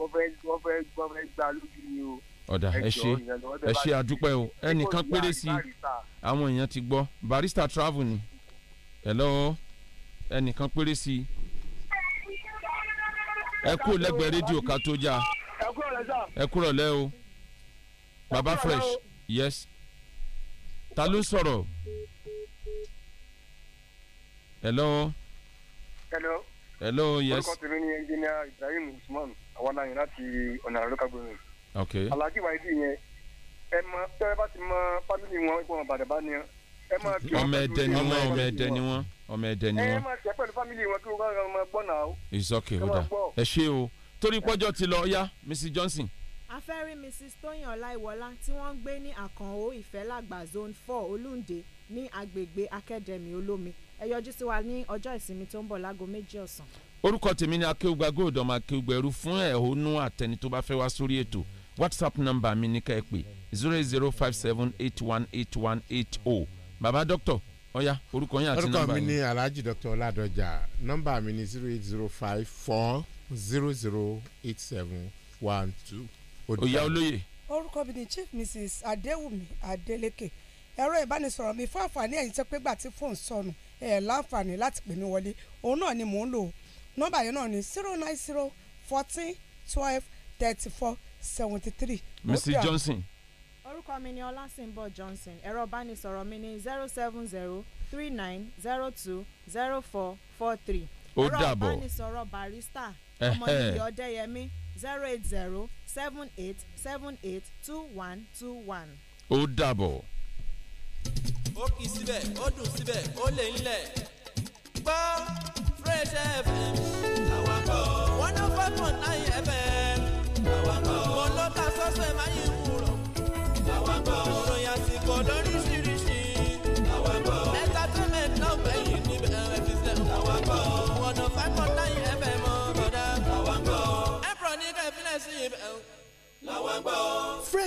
wọ́n fẹ́ wọ́n fẹ́ wọ́n fẹ́ gbà lójú ni o. ọ̀dà ẹ ṣe ẹ ṣe àdúpẹ́ o ẹnìkan péré sí àwọn èèyàn ti gbọ́ barista travel ni hello ẹnìkan péré sí ẹ kú lẹ́gbẹ̀ẹ́ rédíò ká tó já ẹ kúrọ̀ lẹ́ o baba fresh yes ta ló sọ̀rọ̀ hello hello hello yes orúkọ tèmi ni engineer Ibrahim Usman àwọn náà yẹn láti ọ̀nà àlọ́ kagbọ́n mi. alhaji wa ibi yẹn ẹ mọ tẹ́lẹ̀ bá ti mọ fámìlì wọn ìpò wọn bàdàbà ni ẹ mọ kí wọn. ọmọ ẹdẹ wọn ọmọ ẹdẹ ni wọn ọmọ ẹdẹ ni wọn. ẹ máa ṣe pẹ̀lú fámìlì wọn kí wọn máa gbọ́ náà o. ìsọkè ó dà ẹ ṣé o torí pọ́jọ́ ti lọ ya Mrs Johnson afẹ́rí mrs tóyìn ọláìwọlá tí wọ́n ń gbé ní àkànó ìfẹ́làgbà zone four olúndé ní agbègbè akẹ́dẹ̀mí olómi ẹ yọjú sí wa ní ọjọ́ ìsinmi tó ń bọ̀ láago méjì ọ̀sán orúkọ tèmi ni akéwùgbà gold ọmọ akéwùgbẹ̀rù fún ẹ̀hónú àtẹni tó bá fẹ́ wá sórí ètò whatsapp number mi ní ká zero eight zero five seven eight one eight one eight o baba doctor ọ̀ya orúkọ yín àti nọ́mbà yín. orúkọ mi ni alhaji doctor ọládọjà nọ́mbà mi ni zero eight zero five four zero zero eight seven one two. oya olóye. orúkọ mi ni chief mrs adéwùmí adélèké ẹ̀rọ ìbánisọ̀rọ̀ mi fún àǹfààní ẹ̀yin tẹ́ pé gbà tí fóònù sọnù ẹ̀ láǹfààní láti pè mí wọlé òun náà ni mò ń lò ó nọ́mbà yẹn náà ní zero nine zero fourteen twelve thirty four seventy three. Mrs Johnson. orúkọ mi ni ọlásìnbọ Johnson ẹ̀rọ ìbánisọ̀rọ̀ mi ni zero seven zero three nine zero two zero four four three. ó dàbọ̀ ẹ̀rọ ìbánisọ̀rọ̀ barista ọmọ ìdí ọ̀dẹ́yẹmí zero eight zero seven eight seven eight two one two one. ó dàbọ̀. ó kì í síbẹ̀ ó dùn síbẹ̀ ó lè ń lẹ̀ gbọ́ fresh fm. àwọn kọ́. one oh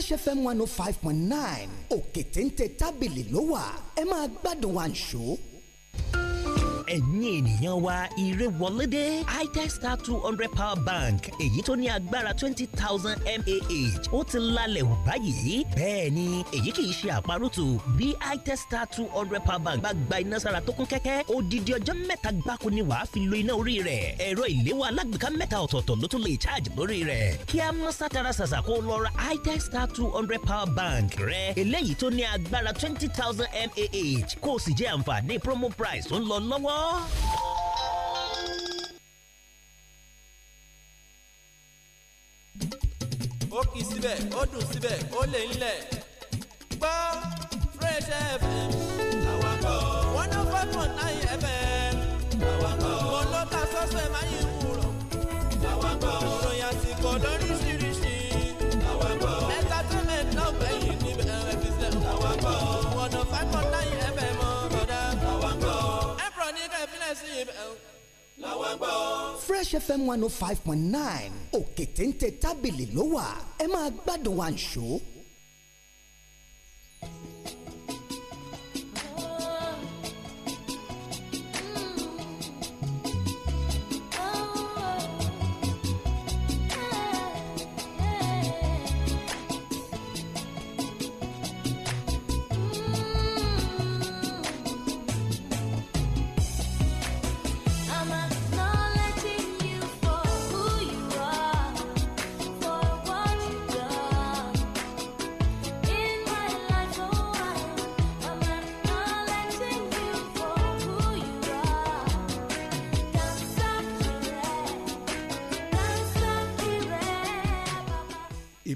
five one oh five point one oh five point nine òkè téńté tábìlì ló wà ẹ máa gbádùn àǹṣó ẹ̀yin ènìyàn wa ire wọlédé idestar two hundred power bank èyí tó ní agbára twenty thousand mAh ó ti lálẹ̀ wù báyìí bẹ́ẹ̀ ni èyí kì í ṣe àparùtù bí idestar two hundred power bank bá gba iná sára tó kún kẹ́kẹ́ odidi ọjọ́ mẹ́ta gbáko ni wàá fi lo iná orí rẹ̀ ẹ̀rọ ìléwọ́ alágbèéká mẹ́ta ọ̀tọ̀ọ̀tọ̀ ló tún lè charge lórí rẹ̀ kí a mọ́ sátara ṣàṣà kó lọ ra idestar two hundred power bank rẹ̀ eléyìí tó ní agbára twenty thousand mAh kó o sì jẹ àǹfààní promo price tó ń lọ lọ́wọ́ ó kì í síbẹ̀ ó dùn síbẹ̀ ó lè ń lẹ̀ gbọ́ Fresh FM àwọn kọ́ one oh five point nine FM àwọn mo ló ta sọ́sẹ̀ máa yí wúrọ̀ àwọn kọ́ ìròyìn àsìkò lóríṣiríṣi àwọn kọ́ entertainment náà gbẹ̀yìn níbẹ̀ ẹ̀ fi sẹ́wọ̀n àwọn kọ́ one oh five point nine FM fílẹ̀ sí i làwọn gbọ́. fresh fm one oh five point nine òkè téńté tábìlì ló wà ẹ máa gbádùn wa ń ṣó.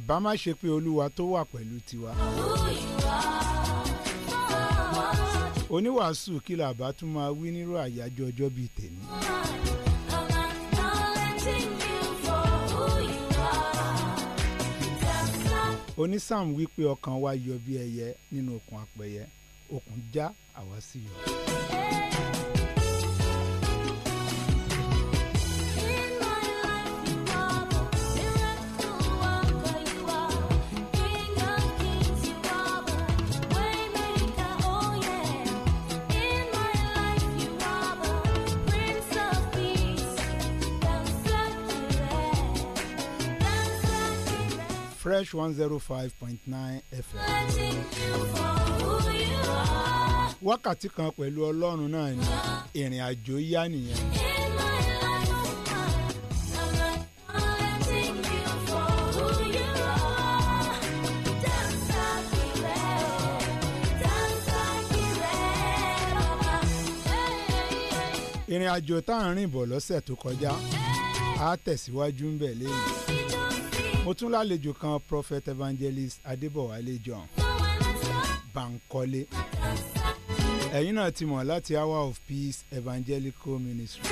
ìbá má ṣe pé olúwa tó wà pẹ̀lú tiwa. oníwàásù kìlà bá tún nírú àyájọ́ ọjọ́ bíi tèmi. onísáàmù wípé ọkàn wa yọ bí ẹyẹ nínú okùn apẹyẹ okùn já àwa sì yọ. fresh one zero oh five point nine fm. wákàtí kan pẹ̀lú ọlọ́run náà ni ìrìn àjò yá nìyẹn. ìrìn àjò tá à ń rìn bọ̀ lọ́sẹ̀ tó kọjá a tẹ̀síwájú ń bẹ̀ lẹ́yìn mo tún lálejò kan prophet evangelist adébọ̀wálé john bankole ẹ̀yin náà ti mọ̀ láti hour of peace evangelical ministry.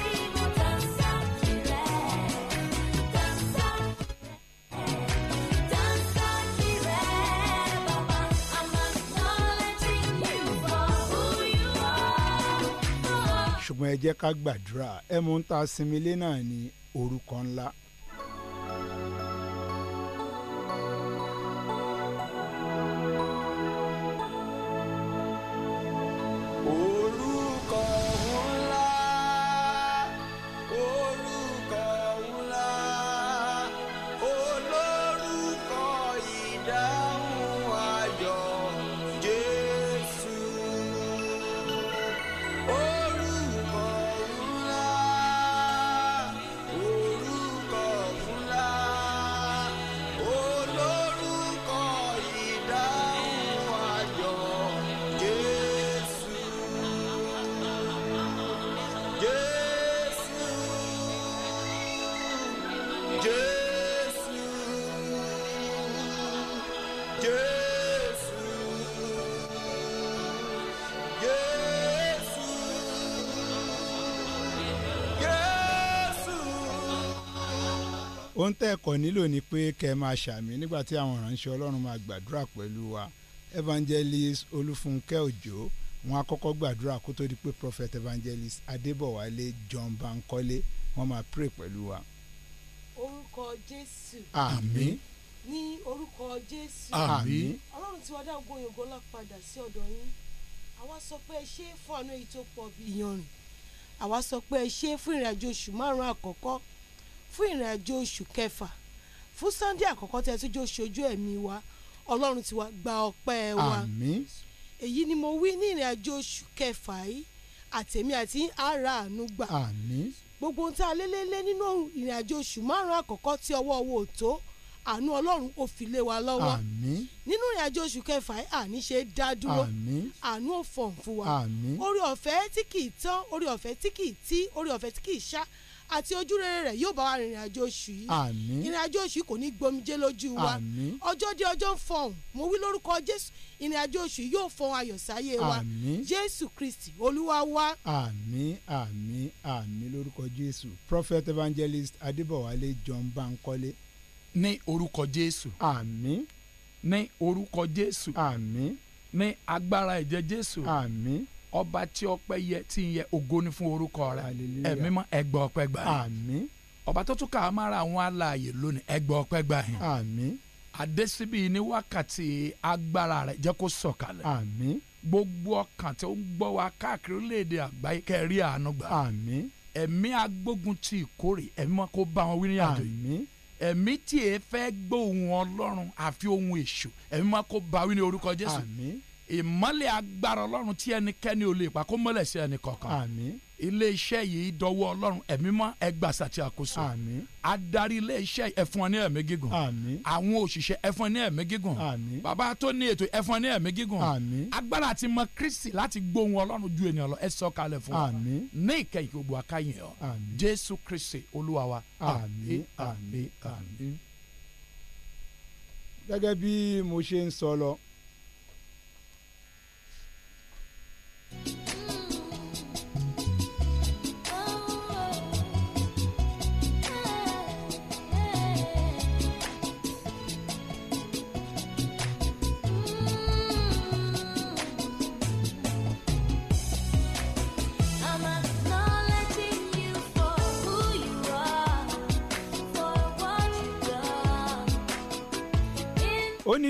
ṣùgbọ́n ẹ jẹ́ ká gbàdúrà ẹ mú ń ta sinmi lé náà ní orúkọ ńlá. kẹ́kọ̀ọ́ nílò ni pé kẹ́ ẹ máa ṣàmì nígbà tí àwọn ìránṣẹ́ ọlọ́run máa gbàdúrà pẹ̀lú wa evangelist olúfúnkẹ́ òjò wọn á kọ́kọ́ gbàdúrà kó tó di pé prophet evangelist adébọ̀wálé john bankole wọn máa pray pẹ̀lú wa. orúkọ jésù. àmín. ní orúkọ jésù. àmín. ọlọ́run tí wọ́n dá ogun òyìnbó ńlá padà sí ọ̀dọ̀ yín àwa sọ pé ẹ ṣe é fún àánú èyí tó pọ̀ bí ìyanrìn àwa sọ pé ẹ ṣe é fún ìrìnàjò oṣù márùn-ún àkọ́kọ́ fún ìrìn àjò oṣù kẹfà fún sunday àkọ́kọ́ tẹ́ tó jọ ṣojú ẹ̀mí wa ọlọ́run ti wa gba ọpẹ́ wa èyí ni mo wí ní ìrìn àjò oṣù kẹfà yìí àtẹ̀mí àti ara àánú gbà gbogbo ohun tá a lé lélé nínú ìrìn àjò oṣù márùn àkọ́kọ́ tí ọwọ́ owó tó àánú ọlọ́run ó fi lé wa lọ́wọ́ nínú ìrìn àjò oṣù kẹfà yìí àní ṣe dá dúró àánú ò fọ̀n fún wa orí ọ̀fẹ́ tí kì í tán orí ọ̀fẹ́ tí kì í tí orí ọ̀fẹ́ tí kì í ṣá àti ojúrere rẹ̀ yóò bá wa rìnrìn àjò oṣù yìí àmín ìrìn àjò oṣù yìí kò ní gbomijé lójú wa àmín ọjọ́ dé ọjọ́ ń fọhùn mo wí lórúkọ jésù ìrìn àjò oṣù yìí yóò fọhùn ayọ̀ wa àmín jésù kristi olúwa wa. àmín àmín àmín lórúkọ jésù prophet evangelist adébọ̀wálé john bankole. ní orúkọ jésù. àmín ní orúkọ jésù. àmín ní agbára ẹ̀jẹ̀ jésù. àmín ọba tí ọpẹ́ yẹ tí ń yẹ ògo ni fún orúkọ rẹ ẹ̀mí mọ́ ẹgbẹ́ ọpẹ́ gbà yín ọba tó tún ká a máa ra àwọn alààyè lónìí ẹgbẹ́ ọpẹ́ gbà yín àdésíbí ní wákàtí agbára rẹ jẹ́ kó sọ̀kalẹ̀ gbogbo ọkàn tó ń gbọ́ wa káàkiri orílẹ̀-èdè àgbáyé kẹrí àánú gbà ẹ̀mí agbógun ti ìkórè ẹ̀mí mọ́ kó bá wọn wí ní àjò yìí tí èé fẹ́ gbóhùn ọlọ́run àfi ohun èṣù ẹ̀mí mọ́ kó bá wí orúkọ jésù ìmọ́lẹ̀ agbára ọlọ́run tí ẹnikẹ́ni ò lè pa kó mọ́lẹ̀ sí ẹni kankan. àmín. iléeṣẹ́ yìí dọ́wọ́ ọlọ́run ẹ̀mí mọ́ ẹgbàsá tí a kò so. àmín. adarí iléeṣẹ́ ẹ̀fún ọ ní ẹ̀mí gígùn. àmín. àwọn òṣìṣẹ́ ẹ̀fún ọ ní ẹ̀mí gígùn. àmín. bàbá tó ní ètò ẹ̀fún ọ ní ẹ̀mí gígùn. àmín. agbára ti mọ kristi láti gbóhùn ọlọ́run ju ènìyàn lọ ẹ sọ kalẹ̀ fún wa. ní ìkẹyìn gbogbo akáyìn ọ. jésù kristi olúwa wa. àmín àmín àmín. gẹ́gẹ́ bí mo ṣe ń sọ lọ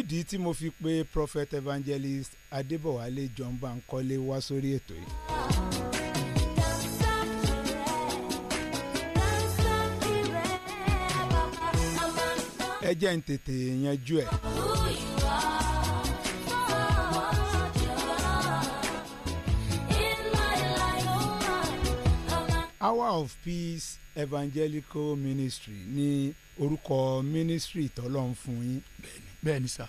nídìí tí mo fi pe prophet evangelist adébọ̀wálé john bankole wá sórí ètò yìí. ẹ jẹ́ ń tètè yanjú ẹ̀. Hour of Peace Evangelical Ministry ni orúkọ ministry tọ́lọ́ ń fún yín bẹ́ẹ̀ ni sà.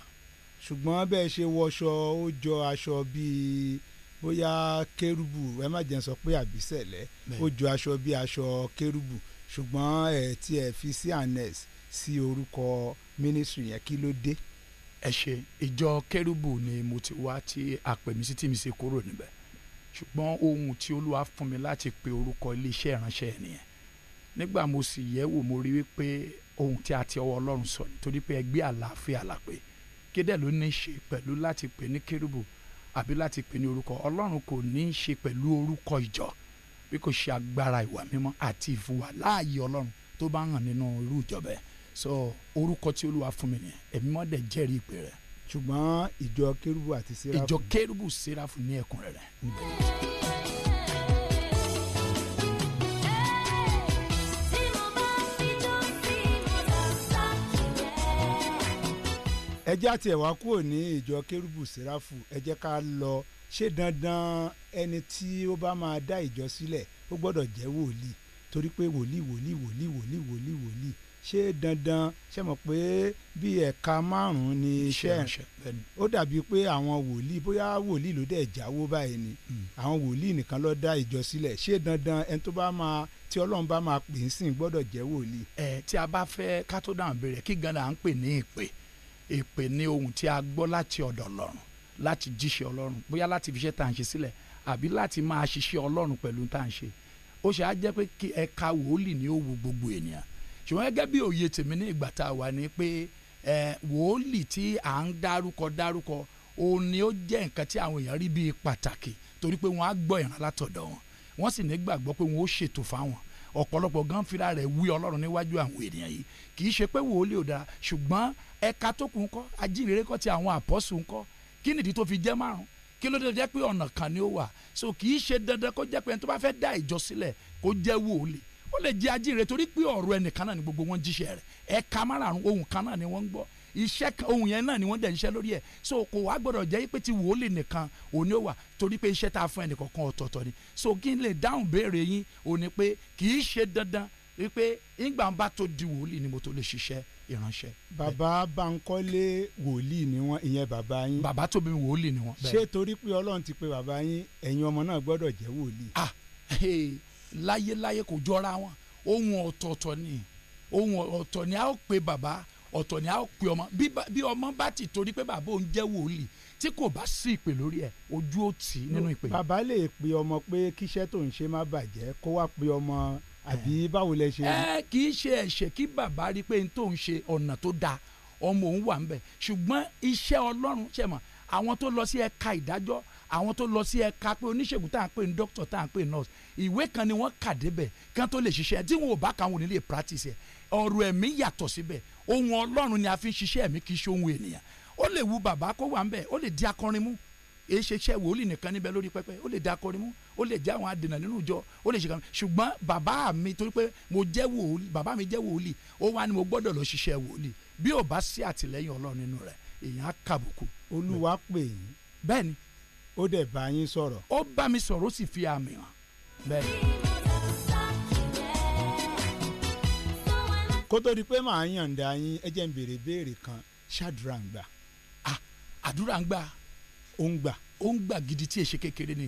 ṣùgbọ́n bẹ́ẹ̀ ṣe wọṣọ ó jọ aṣọ bíi bóyá kérúbù ẹ má jẹ́ sọ pé àbísẹ̀lẹ̀ ó jọ aṣọ bíi aṣọ kérúbù ṣùgbọ́n ẹ̀ tí ẹ fi sí anex sí orúkọ mínísírì yẹn kí ló dé. ẹ ṣe ìjọ kérúbù ni mo ti wá tí a pè mí sí tí mi ṣe kúrò níbẹ̀ ṣùgbọ́n ohun tí olúwa fún mi láti pe orúkọ iléeṣẹ́ ìránṣẹ́ nìyẹn nígbà mo sì yẹ̀ mo rí wípé ohun tí a ti ọwọ́ ọlọ́run sọ nítorí pé ẹgbẹ́ àlàáfíà la pé kéde ló ní í ṣe pẹ̀lú láti pè ní kérúbù àbí láti pè ní orúkọ ọlọ́run kò ní í ṣe pẹ̀lú orúkọ ìjọ bí kò ṣe agbára ìwà mímọ́ àti ìfúwà láàyè ọlọ́run tó bá hàn nínú irú ìjọba ẹ̀ so orúkọ tí olúwa fún mi nìyẹn ẹ̀mí mọ́ dẹ̀ jẹ́rìí ìpè rẹ̀. ṣùgbọ́n ìjọ kérúbù àti séráfù ìjọ kérúbù séráfù ní ẹ̀kúnrẹ́rẹ́ níbẹ̀ ẹ jẹ́ àti ẹ̀wá kúrò ní ìjọ kérúbù sẹ́ráfù ẹ jẹ́ ká lọ ṣé dandan ẹni tí ó bá máa dá ìjọ sílẹ̀ ó gbọ́dọ̀ jẹ́ wòlíì torí pé wòlíì wòlíì wòlíì wòlíì wòlíì wòlíì ṣé dandan ṣe mọ̀ pé bí ẹ̀ka márùn-ún ni iṣẹ́ ó dàbí pé àwọn wòlíì bóyá wòlíì ló dẹ̀ jáwó báyìí ni hmm. àwọn wòlíì nìkan ló dá ìjọ sílẹ̀ ṣé dandan ẹni tó bá máa tí ọlọ́run bá máa pè é sìn gbọ́dọ̀ jẹ́ wòlíì. ẹ tí a bá fẹ́ ká dáhùn béèrè kí ganan à ń pè ní ìpè èpè ní ohun tí a gbọ́ láti ọ̀dọ̀ ọlọ́run láti jíṣẹ́ ọlọ́run bóyá láti fi iṣẹ́ tá à ń ṣe sílẹ̀ àbí láti máa ṣiṣẹ́ ọlọ́run pẹ̀lú tá à ń ṣe ó ṣe á jẹ́ pé kí ẹ̀ka wòólì ni ó wu gbogbo ènìyàn ṣùgbọ́n gẹ́gẹ́ bí òye tèmi ní ìgbà tá a wà ní pé wòólì tí à ń dárúkọ dárúkọ òun ni ó jẹ́ nǹkan tí àwọn èèyàn rí bíi pàtàkì torí pé wọ́n á gbọ́ ìran látọ̀dọ̀ wọn wọ́n sì nígbàgbọ́ pé wọ́n ó ṣètò fáwọn ọ̀pọ̀lọpọ̀ gan fira rẹ̀ wí ọlọ́run níwájú àwọn ènìyàn yìí kì í ṣe pé wòólì ò dára ṣùgbọ́n ẹ̀ka tó kù ńkọ́ ajínrere kọ́ ti àwọn àpọ́sù ńkọ́ kí nìdí tó fi jẹ́ márùn kí ló dé jẹ́ pé ọ̀nà kan ni ó wà so kì í ṣe dandan kó jẹ́ pé ẹni tó bá fẹ́ dá ìjọ sílẹ̀ kó jẹ́ wòlíì ó lè jẹ́ ajínrere torí pé ọ̀rọ̀ ẹnìkan náà ni gbogbo wọn jíṣẹ́ rẹ̀ ẹ̀ka márùn ohun kan náà ni wọ́n ń gbọ́ iṣẹ́ ohun yẹn náà ni wọ́n dẹ̀ ń ṣe lórí ẹ̀ so kò wá gbọ́dọ̀ jẹ́ pé ti wòlíì nìkan òní ó wà torí pé iṣẹ́ tá a fún ẹnìkọ̀ọ̀kan ọ̀tọ̀ọ̀tọ̀ ni so kí n lè dáhùn béèrè yín òní pé kì í ṣe dandan wípé ìgbà ń bá tó di wòlíì ni mo tó lè ṣiṣẹ́ ìránṣẹ́. bàbá Bankole wòlíì ni wọn ìyẹn bàbá yín. bàbá tó bí wòlíì ni wọn. ṣé torí pé Ọlọ́run ti pe bàbá yín ẹ̀yin ọmọ náà gbọ́dọ̀ jẹ́ wòlíì. ah láyéláyé kò jọra wọn ohun ọ̀tọ̀ọ̀tọ̀ ni ohun ọ̀tọ̀ ni a ó pe bàbá ọ̀tọ̀ ni a ó pe ọmọ bí ọmọ bá ti torí pé bàbá òun jẹ́ wòlíì tí kò bá sí ìpè lórí ẹ ojú ó tì nínú ìpè. bàbá lè pe ọmọ pé kíṣẹ́ tó ń ṣe má bàjẹ́ kó wá pe ọmọ àbí báwo lẹ ṣe. ẹ kì í ṣe ẹ̀ṣẹ̀ kí bàbá rí i pé n tó ń ṣe ọ̀nà tó dáa ọmọ òun wà ń bẹ̀ ṣùgbọ́n iṣẹ́ ọlọ́run ṣe mọ̀ àwọn tó lọ sí ẹ̀ka ìdájọ́ àwọn tó lọ sí ẹ̀ka pé oníṣègùn tá ń pè ní dókítà tá ń pè ní nurse ìwé kan ni wọ́n kà débẹ̀ kí wọ́n tó lè ṣiṣẹ́ tí wọn ò bá kàwọn ò practice ẹ̀ ọ̀rọ̀ ẹ̀mí yàtọ̀ síbẹ̀ ohun ọlọ́run ni a fi ń ṣiṣẹ́ ẹ̀mí kì í ṣe ohun ènìyàn ó lè wu bàbá kó wà ń bẹ̀ ó lè di akọrin mú èé ṣe iṣẹ́ wòlíì nìkan níbẹ̀ lórí pẹpẹ ó lè di akọrin mú ó lè jẹ́ àwọn adènà nínú ìjọ ó lè ṣe kàn mí ṣùgbọ́n bàbá mi torí pé mo jẹ́ wòlíì bàbá mi jẹ́ wòlíì ó wá ní mo gbọ́dọ̀ lọ ṣiṣẹ́ wòlíì bí ò bá sí àtìlẹ́yìn Ọlọ́run nínú rẹ̀ èèyàn á kàbùkù. Olúwa pè yín. bẹ́ẹ̀ni. ó dẹ̀ bá yín sọ̀rọ̀. ó bá mi sọ̀rọ̀ ó sì fi àmì hàn bẹ́ẹ̀ni. kó tó di pé màá yànda yín ẹ ń béèrè béèrè kan ṣàdúrà ń gbà. Ah, àdúrà ń gbà. ó ń gbà. ó ń gbà gidi tí èṣe kékeré ni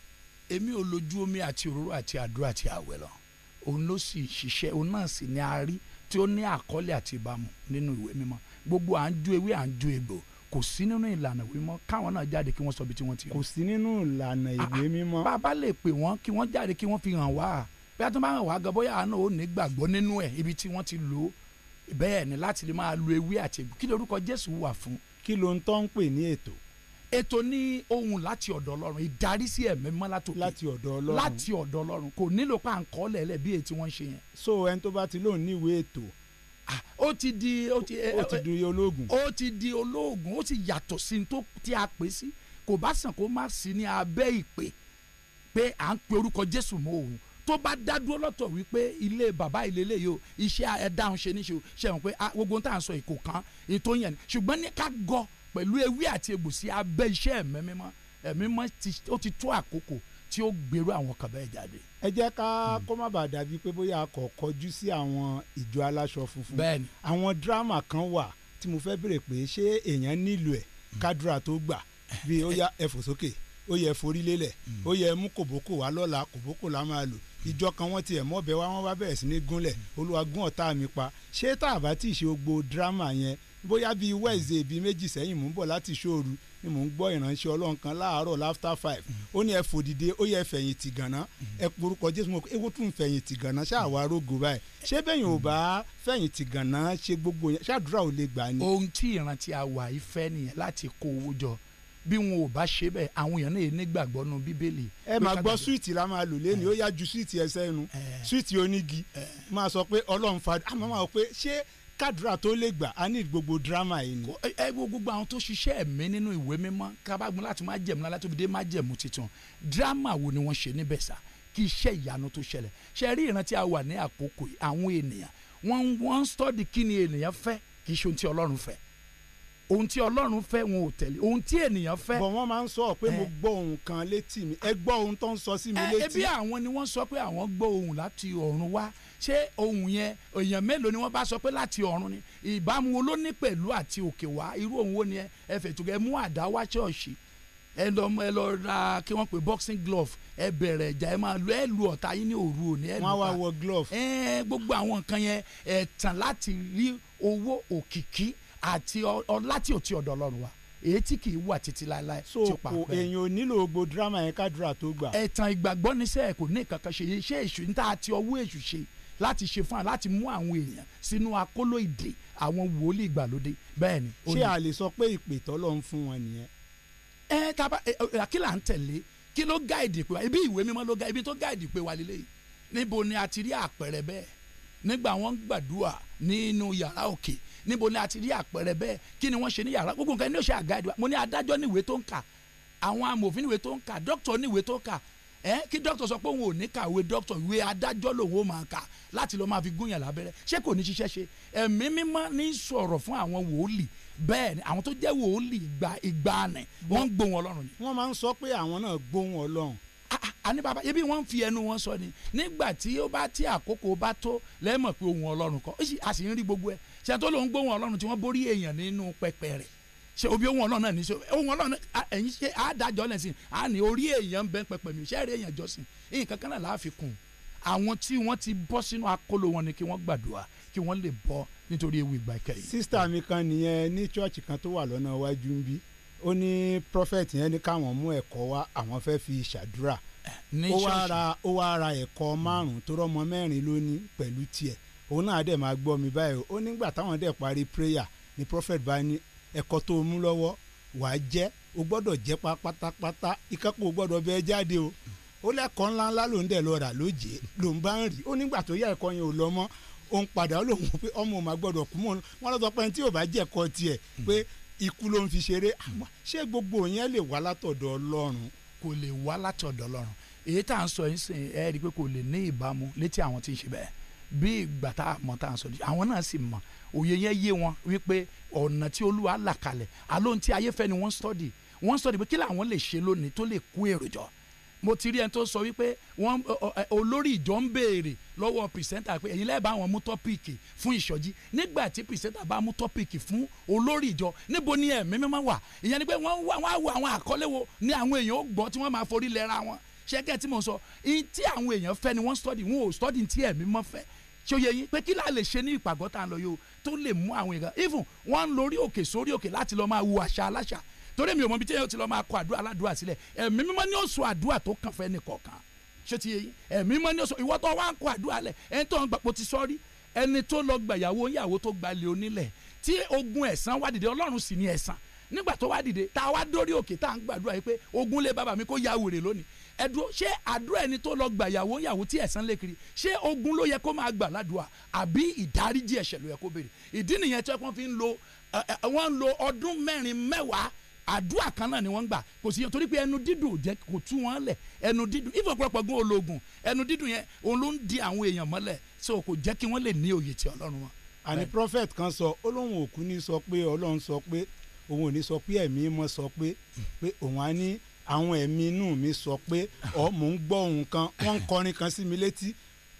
èmi ò lójú omi àti òróró àti àdúrà àti àwẹ̀ lọ òun ló sì ṣiṣẹ́ òun náà sì ni a rí tí ó ní àkọọ́lẹ̀ àti ìbámu nínú ìwé mímọ́ gbogbo à ń ju ewé à ń ju egbò kò sí nínú ìlànà ìwé mímọ́ káwọn náà jáde kí wọ́n sọ bí tí wọ́n ti hàn. kò sí nínú ìlànà ah, ìwé mímọ́. bàbá lè pè wọ́n kí wọ́n jáde kí wọ́n fi hàn wá bí a tún bá hàn wá gan bóyá àánú ò ní gbàgbọ́ nínú ẹ̀ ibi tí wọ́n ti lò ó bẹ́ẹ̀ ni láti máa lo ewé àti egbò kí lorúkọ Jésù wà fún. kí ló ń tọ́ ń pè ní ètò ètò ní ohun láti ọ̀dọ̀ ọlọ́run ìdarí sí ẹ̀mí mọ́ látòkè láti ọ̀dọ̀ ọlọ́run láti ọ̀dọ̀ ọlọ́run kò nílò pa nǹkan lẹ̀lẹ̀ bí èyí tí ṣe yẹn. so ẹni tó bá ti lóun ní ètò. ó ti di ó ti ó ti di olóògùn. ó ti di olóògùn ó sì yàtọ̀ sí ní tó tí a pè sí kò bá sàn kó má sí ní abẹ́ ìpè pé à ń pe orúkọ jésù mọ́ òun tó bá dá dúró lọ́tọ̀ wípé ilé bàbá ìlélẹ̀ yìí o iṣẹ́ ẹ̀dáhùn ṣe níṣe o ṣe hàn pé gbogbo ohun tá sọ ìkò kan ètò yẹn ṣùgbọ́n ní ká gọ́ pẹ̀lú ewé àti egbòsí abẹ́ iṣẹ́ ẹ̀mí mímọ́ ẹ̀mí mímọ́ ó ti tó àkókò tí ó gbèrú àwọn kan bẹ́ẹ̀ jáde. ẹ jẹ́ ká hmm. kó má bàa dàbí pé bóyá a kò kọjú sí àwọn ìjọ aláṣọ funfun. bẹ́ẹ̀ni àwọn dírámà kan wà tí mo fẹ́ béèrè pé ṣé èèyàn nílò ẹ̀ hmm. kádùrà tó gbà bí ó yá ẹ sókè ó yẹ forí lélẹ̀ hmm. ó yẹ mú kòbókò wá lọ́la kòbókò la máa lò ìjọ kan wọ́n ti ẹ̀ mọ́bẹ̀ wá wọ́n bá bẹ̀rẹ̀ sí ní gúnlẹ̀ olúwa gún ọ̀tá mi pa ṣé tá a bá tí ṣe gbogbo dírámà yẹn bóyá bíi wednesday bíi méjì sẹ́yìn mò ń bọ̀ láti ṣòru ni mò ń gbọ́ ìránṣẹ́ ọlọ́run kan láàárọ̀ láfta five ó ní ẹ fòdìde ó yẹ fẹ̀yìntì gànà ẹ porúkọ jésù mọ̀ ewu tún fẹ̀yìntì gànà ṣáà wá rógo báyìí ṣé bẹ́yìn ò bá fẹ̀yìntì gànà ṣe gbogbo yẹn ṣáàdúrà ò lè gbà ni. ohun tí ìrántí àwa ìfẹ́ nìyẹn láti kó owó jọ bí wọn ò bá ṣe bẹ́ẹ̀ àwọn èèyàn náà nígbàgbọ́ nu bíbélì. ẹ máa gbọ́ súwìtì la máa lò lẹ́nu ó yá ju súwìtì ẹsẹ̀ nu súwìtì onígi máa sọ pé ọlọ́run fa àmọ́ máa sọ pé ṣé kádùrà tó lè gbà á ní gbogbo dírámà yìí ni. ẹ wo gbogbo àwọn tó ṣiṣẹ́ ẹ̀mí nínú ìwé mímọ́ kábàgbọ́n láti má jẹ̀mú láti fi dé má jẹ̀mú tuntun dírámà wo ni wọ́n ṣe níbẹ̀ sá kí iṣẹ́ ìyanu tó ṣẹlẹ̀ ṣe rí ìran a wà ní àkókò àwọn ènìyàn wọ́n ń wọ́n ń stọ́dì kí ni ènìyàn fẹ́ kì í ṣe ohun tí Ọlọ́run fẹ́ ohun tí ọlọ́run fẹ́ wọn ò tẹ̀lé ohun tí ènìyàn fẹ́. bọ̀ wọ́n máa ń sọ pé mo eh. gbọ́ ohun kan létí mi ẹ gbọ́ ohun tó ń sọ sí mi eh, létí. ebi àwọn ni wọ́n sọ pé àwọn gbọ́ ohun láti ọ̀run wá ṣé ohun yẹn èèyàn mélòó ni wọ́n bá sọ pé láti ọ̀run ni ìbámu olóní pẹ̀lú àti òkè wá irú ohun wo ni ẹ fẹ̀tù ẹ mú àdá wá ṣọ́ọ̀ṣì ẹ lọ ẹ lọ ra kí wọ́n pè boxing glove ẹ bẹ̀rẹ̀ ìjà ẹ máa lu ẹ lu ọ̀tá yín ní òru òní ẹ lù pa wọ́n á wá wọ glove. ẹ eh, gbogbo àwọn nǹkan yẹn ẹ̀tàn láti rí owó òkìkí àti ọlá tí ò ti ọ̀dọ̀ ọlọ́run wa èyí tí kì í wà títí láéláé tí ó pa pẹ́. so èèyàn ò nílò ògbó dírámà yẹn kádùrà tó gbà. ẹ̀tàn ìgbàgbọ́ níṣẹ́ kò ní kankan ṣe iṣẹ́ èṣù níta àti ọwọ́ èṣù ṣe láti ṣe fún wa láti mú àwọn èèyàn sínú akóló ìdè àwọn wòlíì ìgbàlódé bẹ́ẹ̀ ni. ṣé a lè sọ pé ìpè tọ́lọ́ ń fún wọn nìyẹn. ẹ taba kí là ń tẹ̀lé kí ló gáìdì pé wa ibi ìwé mímọ́ ló gáìdì pé wa lélẹ́yìí ni a ti rí níbo ni a ti rí àpẹẹrẹ bẹ́ẹ̀ kí ni wọ́n ṣe ní yàrá gbogbo nǹkan ní òṣè àgáàdì wa mo ní adájọ́ níwèé tó ń kà àwọn amòfin níwèé tó ń kà dókítà níwèé tó ń kà ẹ kí dókítà sọ pé òun ò ní kàwé dókítà ìwé adájọ́ lòun ó máa kà láti lọ́ọ́ máa fi gúnyàn lábẹ́rẹ́ ṣé kò ní ṣiṣẹ́ ṣe ẹ̀mí mímọ́ ní sọ̀rọ̀ fún àwọn wòólì bẹ́ẹ̀ ni àwọn tó jẹ́ wòólì ìgbà ìgbàanì wọ́n ń gbóhùn ọlọ́run ni. wọ́n máa ń sọ pé àwọn náà gbóhùn ọlọ́run àní bàbá ebi wọn fi ẹnu wọn sọ ni nígbà tí ó bá tí àkókò bá tó lẹ́mọ̀ pé ohun ọlọ́run kọ́ a sì ń rí gbogbo ẹ̀ ṣe tó lòun gbóhùn ọlọ́run tí wọ́n borí èèyàn nínú pẹpẹ rẹ̀ ṣe obi ohun ọlọ́run náà ní ṣe ohun ọlọ́run ẹ̀yin ṣe àádájọ́ lẹ́sìn à ní orí èèyàn bẹ́ẹ̀ pẹpẹ mi ṣe eré èèyàn jọ́sìn nǹkan kan náà láàfikún àwọn tí wọ́n ti bọ́ sínú akóló wọn ni kí wọ́n gbàdúrà kí wọ́n lè bọ́ nítorí ewu ìgbà ìkẹyìn. sísítà mi kan nìyẹn ní ṣọ́ọ̀ṣì kan tó wà lọ́nà iwájú ń bí ó ní prophet yẹn ní káwọn mú ẹ̀kọ́ wá àwọn fẹ́ fi ṣàdúrà ó wá ra ẹ̀kọ́ márùn-ún tó rọ́mọ mẹ́rin lónìí pẹ̀lú tiẹ̀ òun náà dẹ̀ máa gbọ́ mi báyìí ó nígbà táwọn dẹ̀ parí prayer ni prophet bá ní ẹ̀kọ́ tó mú lọ́wọ́ wàá jẹ́ o gbọ́dọ̀ jẹ́ pátápátá ìkẹ́kọ̀ọ́ o gbọ́dọ̀ bẹ́ẹ̀ jáde o ó lẹ́kọ̀ọ́ ńláńlá ló ń dẹ̀ lọ rà lóje ló ń bá ń rí ó nígbà tó yá ẹ̀kọ́ yẹn ò lọ mọ́ òun padà ó lòun pé ọmọ òun máa gbọ́dọ̀ kú mọ́ wọn lọ́dọ̀ pé ẹni tí yóò bá jẹ́kọ̀ọ́ tiẹ̀ pé ikú ló ń fi ṣeré àmọ́ ṣé gbogbo yẹn lè wá látọ̀dọ̀ ọlọ́run kò lè wá látọ̀dọ̀ ọlọ́run èyí tá à ń sọ yín sìn ẹ́ rí i pé kò lè ní ìbámu létí àwọn tí ń ṣe bẹ́ẹ̀ bí ìgbà tá a mọ̀ tá a sọ di àwọn náà sì mọ̀ òye yẹn yé wọn wípé ọ̀nà tí olúwa là kalẹ̀ àlóhun tí ayé fẹ́ ni wọ́n study wọ́n study pé kí làwọn lè ṣe lónìí tó lè kú èrò jọ mo ti rí ẹni tó sọ wípé wọ́n olórí ìjọ ń béèrè lọ́wọ́ pìrìsẹ́ńtà pé ẹ̀yin lẹ́ẹ̀bá àwọn mú tọ́pìkì fún ìsọjí nígbà tí pìrìsẹ́ńtà bá mú tọ́pìkì fún olórí ìjọ níbo ni ẹ̀mí mímọ́ wà ìyẹn ni pé wọ́n wá wo àwọn àkọlé wo ni àwọn èèyàn ó gbọ́ tí wọ́n máa forí lẹ́ra wọn ṣẹ́gẹ́ tí mo sọ tí àwọn èèyàn fẹ́ ni wọ́n study wọn ò study tí ẹ̀mí mọ́ fẹ́ ṣé o yẹ yín pé kí láà lè ṣe ní ìpàgọ́ tá à ń lọ yìí o tó lè mú àwọn èèyàn even wọ́n ń lórí òkè sórí òkè láti lọ́ọ́ máa wu àṣà aláṣà torí mi ò mọ bí téèyàn ti lọ́ọ́ máa kọ àdúrà aládùúrà sílẹ̀ ẹ̀mí mímọ́ ni ó sọ àdúrà tó kàn fẹ́ nìkọ̀ọ̀kan ṣé ti yẹ yín ẹ̀mí mímọ́ ni ó sọ ìwọ tó wá ń kọ àdúrà lẹ̀ ẹni tó ń gbà pò ti sọ́rí ẹni tó lọ gbà yàwó yàwó tó gba lé onílẹ̀ tí ogun ẹ̀san wá dìde ọlọ́run sì ni ẹ̀san nígbà tó wá dìde tá a wá dórí òkè tá à ń gbàdúrà yìí pé ogun lé bàbá mi kó ya wèrè lónìí ẹ̀dùn ṣé àdúrà ẹni tó lọ gbà yàwó yàwó tí ẹ̀san lé kiri ṣé ogun ló yẹ kó máa gbà ládùúà àbí ìdáríjì ẹ̀ṣẹ̀ ló yẹ kó béèrè ìdí nìyẹn tí wọ́n fi ń lo wọ́n ń lo ọdún mẹ́rin mẹ́wàá àdúrà kan náà ni wọ́n ń gbà kò sí yẹn torí pé ẹnu dídùn jẹ́ kò tú wọn lẹ̀ ẹnu dídùn ìfọ̀ pọ̀lọpọ̀ gún ológun ẹnu dídùn yẹn òun ló ń di àwọn èèyàn mọ́lẹ̀ so kò jẹ́ kí wọ́n lè ní òye ti ọlọ́run wọn. àní prophet kan sọ olóhùn òkú ní sọ pé ọlọ́run sọ pé òun ò ní sọ pé ẹ̀mí mọ́ sọ pé pé òun á ní àwọn ẹ̀mí inú mi sọ pé ọ mò ń gbọ́ ohun kan wọ́n ń kọrin kan sí mi létí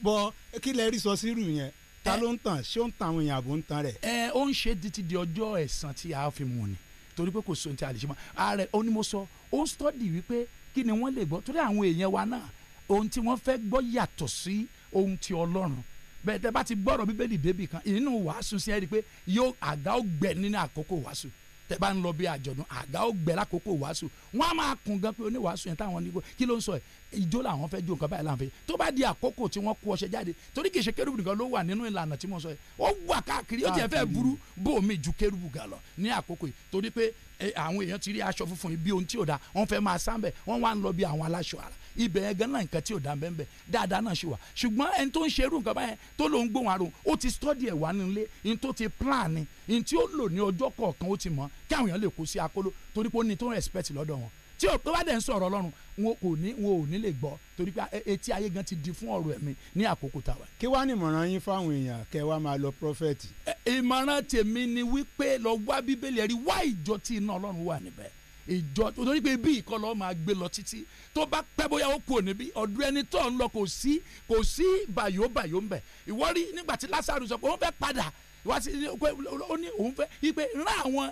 bọ́ kí lẹ rí sọ sírù yẹn ta ló ń tàn ṣé ó ń tan àwọn èèyàn àbò ń tan rẹ̀. ẹ ó ń ṣe títí di ọjọ́ ẹ̀san tí a fi mú ni torí pé kò sóhun tí a lè ṣe mọ́ ààrẹ ó ní mo sọ ó ń stọ́dì wípé kí ni wọ́n lè gbọ́ torí àwọn èèyàn wa náà ohun tí wọ́n fẹ́ gbọ́ yàtọ̀ sí ohun tí ọlọ́run bẹ́ẹ̀ tẹ́ bá ti gbọ́rọ̀ bíbélì débì kan inú wàásù sí ẹ rí i pé yóò àga ó gbẹ nínú àkókò wàásù tẹ bá ń lọ bí àjọ̀dún àga ó gbẹ lákòókò wàásù wọn á máa kún gan pé oníwàásù yẹn táwọn nígbò kí ló ń sọ ìjó làwọn fẹ́ jó nǹkan báyìí láǹfẹ́ tó bá di àkókò tí wọ́n kó ọṣẹ jáde torí kì í ṣe kérúbù nìkan ló wà nínú ìlànà tí mo sọ yìí ó wà káàkiri ó tiẹ̀ fẹ́ burú bòmí ju kérúbù gan lọ ní àkókò yìí torí pé àwọn èèyàn ti rí aṣọ funfun yìí bí ohun tí ò da wọ́n fẹ́ máa sáńbẹ̀ wọ́n wá ń lọ bí àwọn aláṣọ ara ibẹ̀ gan náà nǹkan tí ò dá bẹ́ẹ̀ bẹ́ẹ̀ dáadáa náà ṣe wà ṣùgbọ́n ẹni tó ń ṣe irú nǹkan báyẹn tó ló ń gbóhùn àrùn ó ti stọ́dì ẹ̀ wá nílé ní tó ti plan ni ní tí ó lò ní ọjọ́ kọ̀ọ̀kan ó ti mọ̀ kí àwọn èèyàn lè kó sí akóló torí pé ó ní tó ń respect lọ́dọ̀ wọn tí o tó bá dẹ̀ ń sọ̀rọ̀ ọlọ́run wọn kò ní wọn ò ní lè gbọ́ torí pé e, etí ayé gan ti di fún ọ̀rọ̀ ẹ̀mí ní àkókò tàwa. kí wàá ní ìmọ̀ràn yín fáwọn èèyàn kẹ́ máa lọ prọfẹ̀tì. E, ìmọ̀ràn tèmi ni wípé lọ wá bíbélì ẹ̀rí wá ìjọ tí iná ọlọ́run wà níbẹ̀ ìjọ torí pé bí ìkọlọ máa gbé lọ títí tó bá pẹ́ bóyá ó kú òní bí ọ̀dọ̀ ẹni tó ń lọ kò sí kò sí bàyò bàyò ń bẹ̀ ìwọ nígbà tí Lásárù sọ pé òun fẹ́ padà wá sí ó ní òun fẹ́ ipe rán àwọn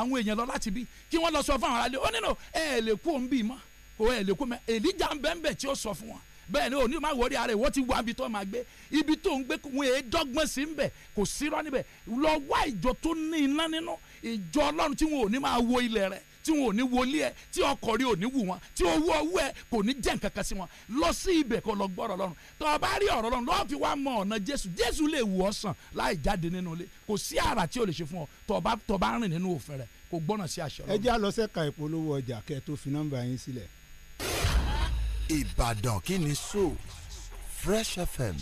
àwọn èèyàn lọ láti bí kí wọ́n lọ sọ fún àwọn aráàlú ó nínú ẹ lè kú òun bí mọ́ kò ẹ lè kú mọ́ Èlíjà ń bẹ ń bẹ tí ó sọ fún wọn bẹ́ẹ̀ ni òní máa wọrí ara ìwọ ti wà ibi máa gbé ibi tó ń gbé wọn èé dọ́gbọ́n sí ń bẹ̀ kò sírọ́ níbẹ̀ lọ ìjọ tó ní iná nínú ìjọ Ọlọ́run tí wọn ò ní máa wo ilẹ̀ rẹ̀ tí wọn ò ní wọlé ẹ tí ọkọ rí ò ní wù wọn tí owó ọwọ́ ẹ kò ní jẹ́ nǹkan kan sí wọn lọ sí ibẹ̀ kó lọ gbọ́rọ̀ Ọlọ́run tó o bá rí ọ̀rọ̀ Ọlọ́run lọ́ọ́ fi wá mọ ọ̀nà Jésù Jésù lè wù ọ́ sàn láì jáde nínú ilé kò sí àrà tí o lè ṣe fún ọ tó o bá tó o bá rìn nínú òfin rẹ kò gbọ́nà sí àṣẹ Ọlọ́run. ẹ já lọ sẹ́ka ìpolówó ọjà kẹ́ ẹ tó fi nọ́mbà yín sílẹ̀. Ìbàdàn kí ni so Fresh FM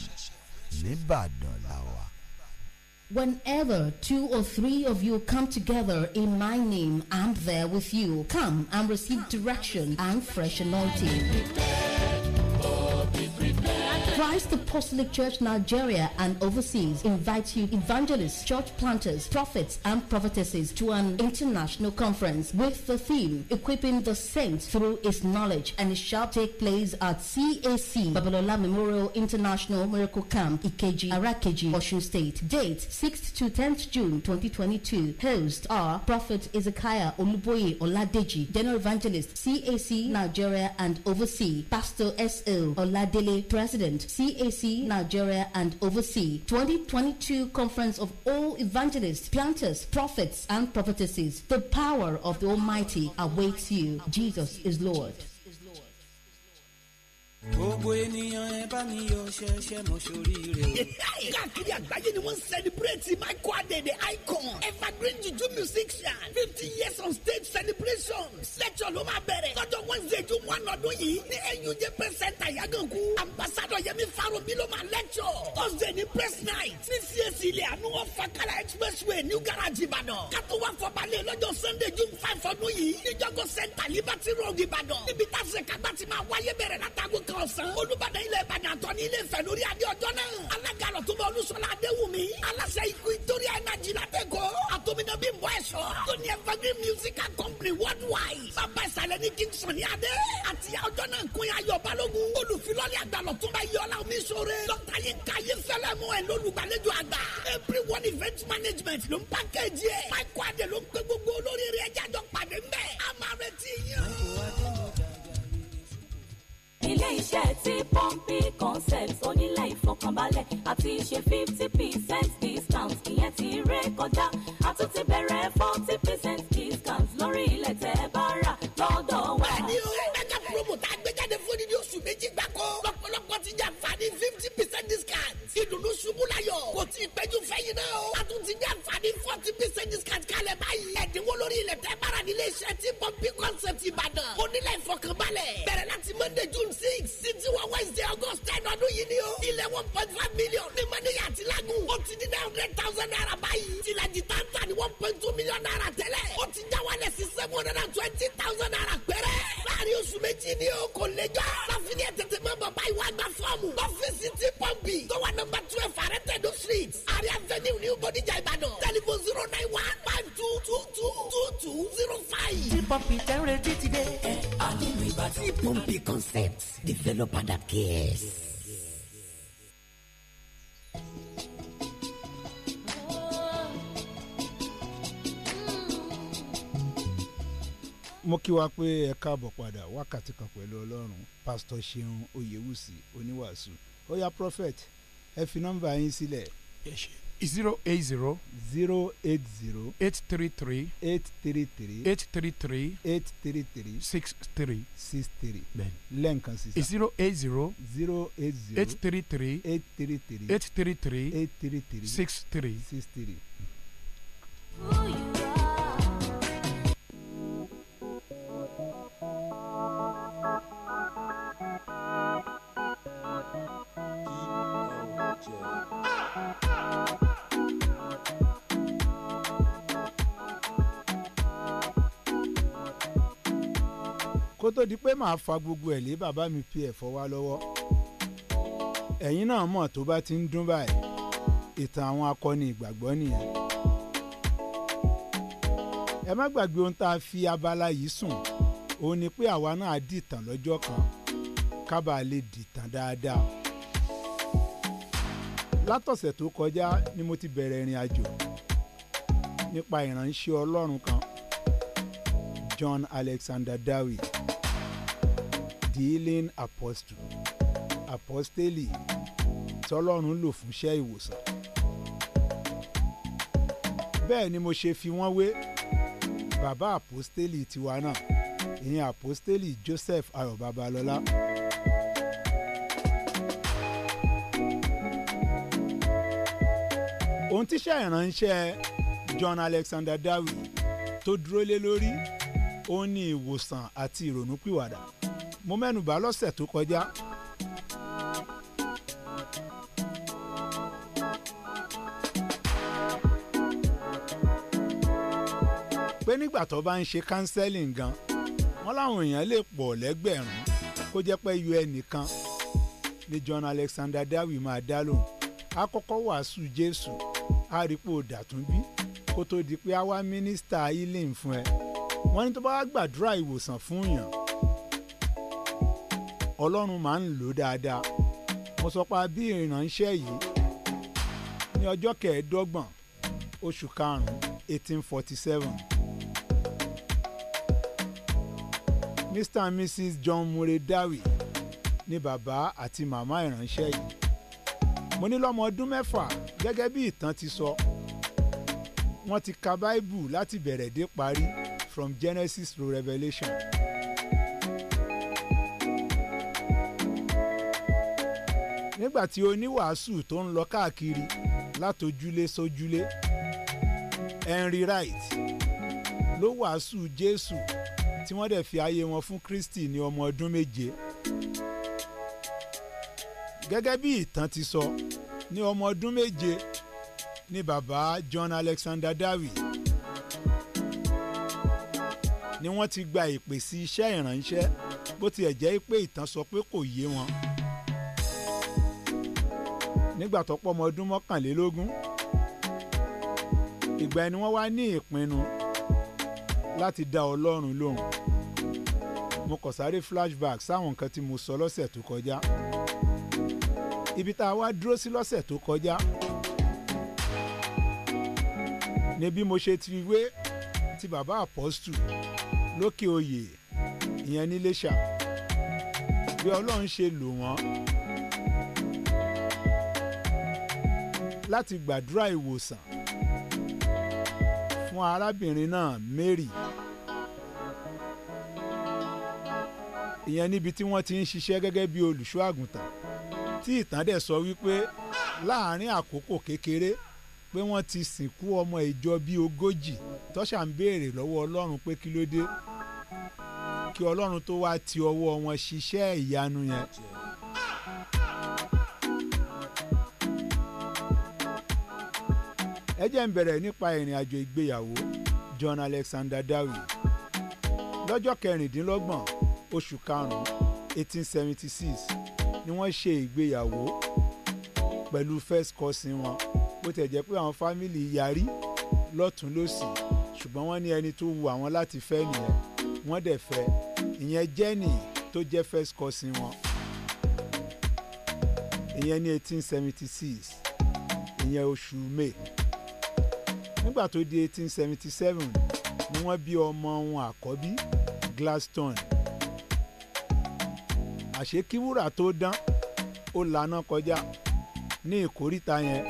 nìbàdàn làwà. Whenever two or three of you come together in my name, I'm there with you. Come and receive direction and fresh anointing. Christ Apostolic Church Nigeria and overseas invites you evangelists, church planters, prophets, and prophetesses to an international conference with the theme Equipping the Saints Through His Knowledge and it shall take place at CAC Babalola Memorial International Miracle Camp Ikeji, Arakeji, Osun State. Date 6th to 10th June 2022. Hosts are Prophet Ezekiah Oluboye Oladeji, General Evangelist, CAC Nigeria and overseas, Pastor S.O. Oladele, President CAC, Nigeria and overseas. 2022 Conference of All Evangelists, Planters, Prophets and Prophetesses. The power of the Almighty awaits you. Jesus is Lord. gbogbo ènìyàn ẹ bá mi yọ̀ ṣẹ̀ṣẹ̀ mọ ṣoríire o. káàkiri àgbáyé ni wọ́n ń celebrate Michael Adede icon evergreen juju musician fifty years on stage celebration. lecture ló máa bẹ̀rẹ̀ lọ́jọ́ wednesday june one ọdún yìí ní nuj press center yaganku ambassador yemi farobi ló máa lecture thursday ní press night ní cac ilé àánú ọ̀fàkàlà expressway new garage ìbàdàn kátó wá fọbalẹ̀ lọ́jọ́ sunday june five ọdún yìí ní jọgọ center liberty road ìbàdàn níbi táṣe kàgbà ti máa wáyé bẹ̀rẹ̀ látàgò kan ọjọ́ ọ̀sán olùbàdàn ilẹ̀ ìbàdàn àtọ́ni ilé ìfẹ́ lórí adé ọjọ́ náà alága àròtúnbọ̀ olúṣọlá adéwùmí aláṣẹ ikú ìtòrí ẹnájì látẹ̀kọ́ àtòmínà bí mbọ́ ẹ̀ṣọ́ tó ní evergreen musical company worldwide bàbá ìsàlẹ̀ ní kingston ní adé àti ọjọ́ náà kún ayọ̀ balógun olùfilọ́lẹ̀ àgbàlọ̀túnbà yọlá omiṣore dọ́kítà yín káyé fẹ́lẹ́ ilé iṣẹ́ ti pọ́ǹpì concept onílé ìfọkànbalẹ̀ àti ṣe fifty percent discount ìyẹn ti ré kọjá a tún ti bẹ̀rẹ̀ forty percent discount lórí ilẹ̀ tẹ́ bá rà lọ́wọ́ oṣù méjì gbáko lọ́pọ̀lọpọ̀ ti jàǹfààní fifty percent discount ìdùnnú ṣubú layọ̀ kò tí ì pẹ́jù fẹ́yìn náà o a tún ti jàǹfààní forty percent discount kalẹ̀ báyìí ẹ̀dínwó lórí ilẹ̀ tẹ́ bára nílé iṣẹ́ tí pọ́ńpì concept ìbàdàn onílẹ̀ ìfọkànbalẹ̀ bẹ̀rẹ̀ láti monday june six sí tiwọn wednesday august ten ọdún yìí ni o ilẹ̀ one point five million ní mọ́níyà àti lágùn ó ti di nine hundred thousand naira báyìí tìlàjì táǹtà ní one point two million naira tẹ́lẹ̀ ó ti já wálẹ̀ sí seven hundred and naira láàrin oṣù méjì ni o lẹ́jọ́. láfíní ẹ̀ mọ́ bàbá ìwà àgbà fọ́ọ̀mù. ọ́fíìsì ti pọ́ǹpì tó wà nọmba twelve àrẹ́tẹ̀dọ̀ street àrí avenue new Bodija Ìbàdàn tẹlifon zero nine one five two two two two two zero five. ti pọ́ǹpì tẹ́ ti dé. ẹ àdínú Ìbàdàn. ti pọ́ǹpì concept developer that cares. mo kí wa pé ẹ káàbọ̀ padà wákàtí kan pẹ̀lú ọlọ́run pásítọ̀ ṣeun oyèwùsì oníwàásù oya prophet ẹ fi nọ́mbà yín sílẹ̀. ẹ zero eight zero. zero eight zero. eight three three. eight three three. eight three three. eight three three. six three. six three. bẹ́ẹ̀ni lẹ́ǹkan sísan. zero eight zero. zero eight zero. eight three three. eight three three. eight three three. eight three three. six three. six three. Hmm. kó tó di pé màá fa gbogbo ẹ̀ lé bàbá mi pi ẹ̀fọ́ wá lọ́wọ́ ẹ̀yin náà mọ̀ tó bá ti ń dún báyìí ìtàn àwọn akọni ìgbàgbọ́ nìyẹn ẹ má gbàgbé ohun tá a fi abala yìí sùn òun ni pé àwa náà dìtàn lọ́jọ́ kan ká lè dìtàn dáadáa látọ̀sẹ̀ tó kọjá ni mo ti bẹ̀rẹ̀ ìrìn àjò nípa ìránṣẹ́ Ọlọ́run kan John Alexander Dowie the healing apostle apostoli tọ́lọ́run lò fún iṣẹ́ ìwòsàn bẹ́ẹ̀ ni mo ṣe fi wọ́n wé bàbá àpọ́stélì tiwa náà ìyẹn àpọ́stélì Joseph Ayọ̀ Babalọ́lá. ohun tíṣẹ́ ìránṣẹ́ John Alexander Dawie tó dúró lé lórí ó ní ìwòsàn àti ìrònúpìwàdà mo mẹ́nubà lọ́sẹ̀ tó kọjá. pé nígbà tó bá ń ṣe counseling gan wọ́n láwọn èèyàn lè pọ̀ lẹ́gbẹ̀rún kó jẹ́ pé yọ ẹnìkan ni John Alexander Dawie máa dá lóhùn á kọ́kọ́ wàásù Jésù á rí pò dàtúnbí kó tó di pé á wá mínísítà healing fún ẹ wọ́n ní tó bá gbàdúrà ìwòsàn fún yàn ọlọ́run máa ń lò dáadáa mo sọ pa bí ìránṣẹ́ yìí ní ọjọ́ kẹẹ̀ẹ́dọ́gbọ̀n oṣù karùn-ún eighteen forty seven mr and mrs john muredawi ni bàbá àti màmá ìránṣẹ́ yìí mo ní lọ́mọ ọdún mẹ́fà gẹ́gẹ́ bí ìtàn ti sọ wọ́n ti ka báíbù láti bẹ̀rẹ̀ dé parí from Genesis to Revelation. nígbà tí oníwàásù tó ń lọ káàkiri látojúlé sójúlé Henry Wright ló wàásù Jésù tí wọ́n dẹ̀ fi ayé wọn fún Kristi ní ọmọ ọdún méje gẹ́gẹ́ bí ìtàn ti sọ ní ọmọ ọdún méje ni bàbá John Alexander Dawie ni wọ́n ti gba ìpè sí iṣẹ́ ìránṣẹ́ bó tiẹ̀ jẹ́ pé ìtàn sọ pé kò yé wọn nígbà tó pọ̀ ọmọ ọdún mọ́kànlélógún ìgbà ẹni wọ́n wá ní ìpinnu láti dá Ọlọ́run lóhùn mo kọ̀ sáré flashback sáwọn nǹkan tí mo sọ lọ́sẹ̀ tó kọjá ibi tá a wá dúró sí lọ́sẹ̀ tó kọjá ni bí mo ṣe ti wé ti bàbá àpọ́stù lókè oyè ìyẹn ní Iléṣà bí Ọlọ́run ṣe lò wọ́n láti gbàdúrà ìwòsàn fún arábìnrin náà Mary ìyẹn níbi tí wọ́n ti ń ṣiṣẹ́ gẹ́gẹ́ bí olùṣọ́ àgùntàn tí ìtàn dẹ̀ sọ wípé láàárín àkókò kékeré pé wọ́n ti sìnkú ọmọ ìjọ bíi ogójì tọ́ṣà ń béèrè lọ́wọ́ Ọlọ́run pé kí ló dé kí Ọlọ́run tó wá ti ọwọ́ wọn ṣiṣẹ́ ìyanu yẹn. ẹ jẹ́ ń bẹ̀rẹ̀ nípa ìrìn àjò ìgbéyàwó John Alexander Dawie lọ́jọ́ kẹrìndínlọ́gbọ̀n oṣù karùn-ún eighteen seventy six ni wọ́n ṣe ìgbéyàwó pẹ̀lú first cousin wọn bó tẹ̀ jẹ́ pé àwọn fámìlì yarí lọ́tún lọ́sì ṣùgbọ́n wọ́n ní ẹni tó wù àwọn láti fẹ́ nìyẹn wọ́n dẹ̀ fẹ́ ìyẹn Jenny tó jẹ́ first cousin wọn ìyẹn ní eighteen seventy six ìyẹn oṣù May nígbà tó di eighteen seventy seven ni wọ́n bí ọmọ wọn àkọ́bí Gladstone àṣé kí wúrà tó dán ó laná kọjá ní ìkóríta yẹn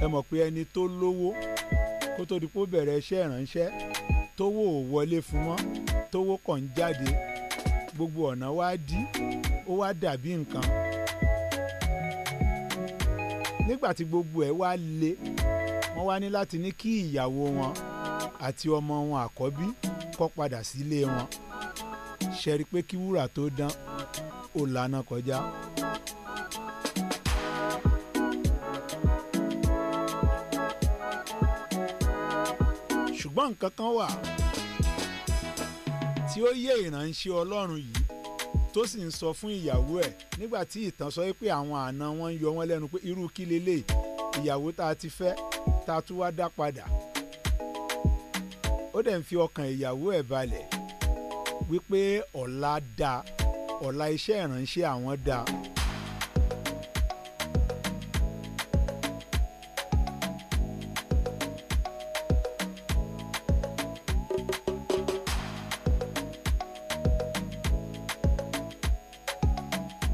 ẹ mọ̀ pé ẹni tó lówó kó tó di pé ó bẹ̀rẹ̀ iṣẹ́ ìránṣẹ́ tówó ò wọlé fún mọ́ tówó kàn ń jáde gbogbo ọ̀nà wá dí ó wá dàbí nǹkan nígbà tí gbogbo ẹ̀ wá le wọ́n wá ní láti ní kí ìyàwó wọn àti ọmọ wọn àkọ́bí kọ́ padà sílé wọn ṣẹ́rí pé kí wúrà tó dán ó lànà kọjá. ṣùgbọ́n nǹkan kan wà tí ó yé ìránṣẹ́ Ọlọ́run yìí tó sì ń sọ fún ìyàwó ẹ̀ nígbà tí ìtàn sọ pé àwọn àna wọn ń yọ wọ́n lẹ́nu pé irú kí leléyìí ìyàwó tá a ti fẹ́ tá tún wá dá padà ó dẹ̀ ń fi ọkàn ìyàwó ẹ̀ balẹ̀ wípé ọ̀la dá ọ̀la iṣẹ́ ìránṣẹ́ àwọn dá.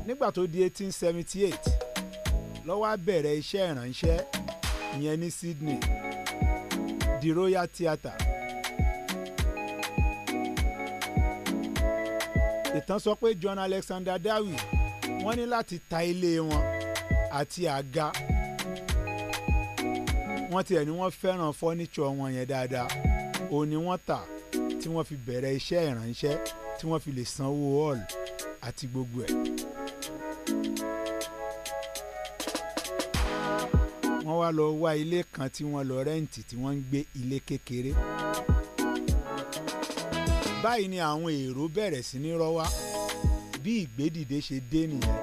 nígbà tó di 1878 seventy eight ló wá bẹ̀rẹ̀ iṣẹ́ ìránṣẹ́ ìyẹn ní Sydney the Royal Theatre. ìtàn sọ pé John Alexander Darwin wọ́n ní láti ta ilé wọn àti àga wọ́n tiẹ̀ ní wọ́n fẹ́ràn fọ́níṣọ̀ wọn yẹn dáadáa òun ni wọ́n tà tí wọ́n fi bẹ̀rẹ̀ iṣẹ́ ìrànṣẹ́ tí wọ́n fi lè sanwó hall àti gbogbo ẹ̀. lọ wá ilé kan tí wọ́n lọ rẹ́ǹtì tí wọ́n ń gbé ilé kékeré. báyìí ni àwọn èrò bẹ̀rẹ̀ sí ní rọ́wá bí ìgbédìde ṣe dé nìyẹn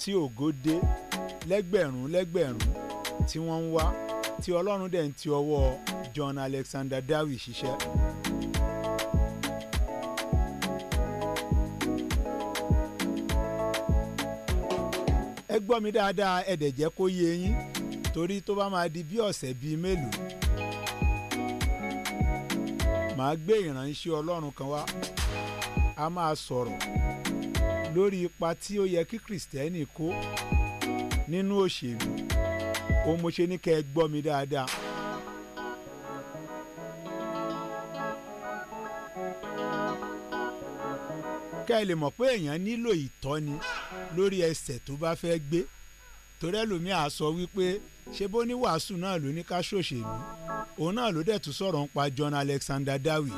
tí ògo dé lẹ́gbẹ̀rún lẹ́gbẹ̀rún tí wọ́n ń wá tí ọlọ́run dẹ̀ ń ti ọwọ́ John Alexander Dowie ṣiṣẹ́. ẹ gbọ́ mi dáadáa ẹ dẹ̀ jẹ́ kó yé yín torí tó bá máa di bí ọ̀sẹ̀ bíi mélòó màá gbé ìránṣẹ́ ọlọ́run kan wá a máa sọ̀rọ̀ lórí ipa tí ó yẹ kí kìrìsìtẹ́nì kó nínú òṣèlú òun mo ṣe ní kẹ́ ẹ gbọ́ mi dáadáa. kẹ́ ẹ lè mọ̀ pé èèyàn nílò ìtọ́ni lórí ẹsẹ̀ tó bá fẹ́ gbé torí ẹlòmíà sọ wípé ṣé bó ní wàásù náà ló ní ká ṣòṣèlú òun náà ló dẹ̀ tún sọ̀rọ̀ ń pa John Alexander Dawi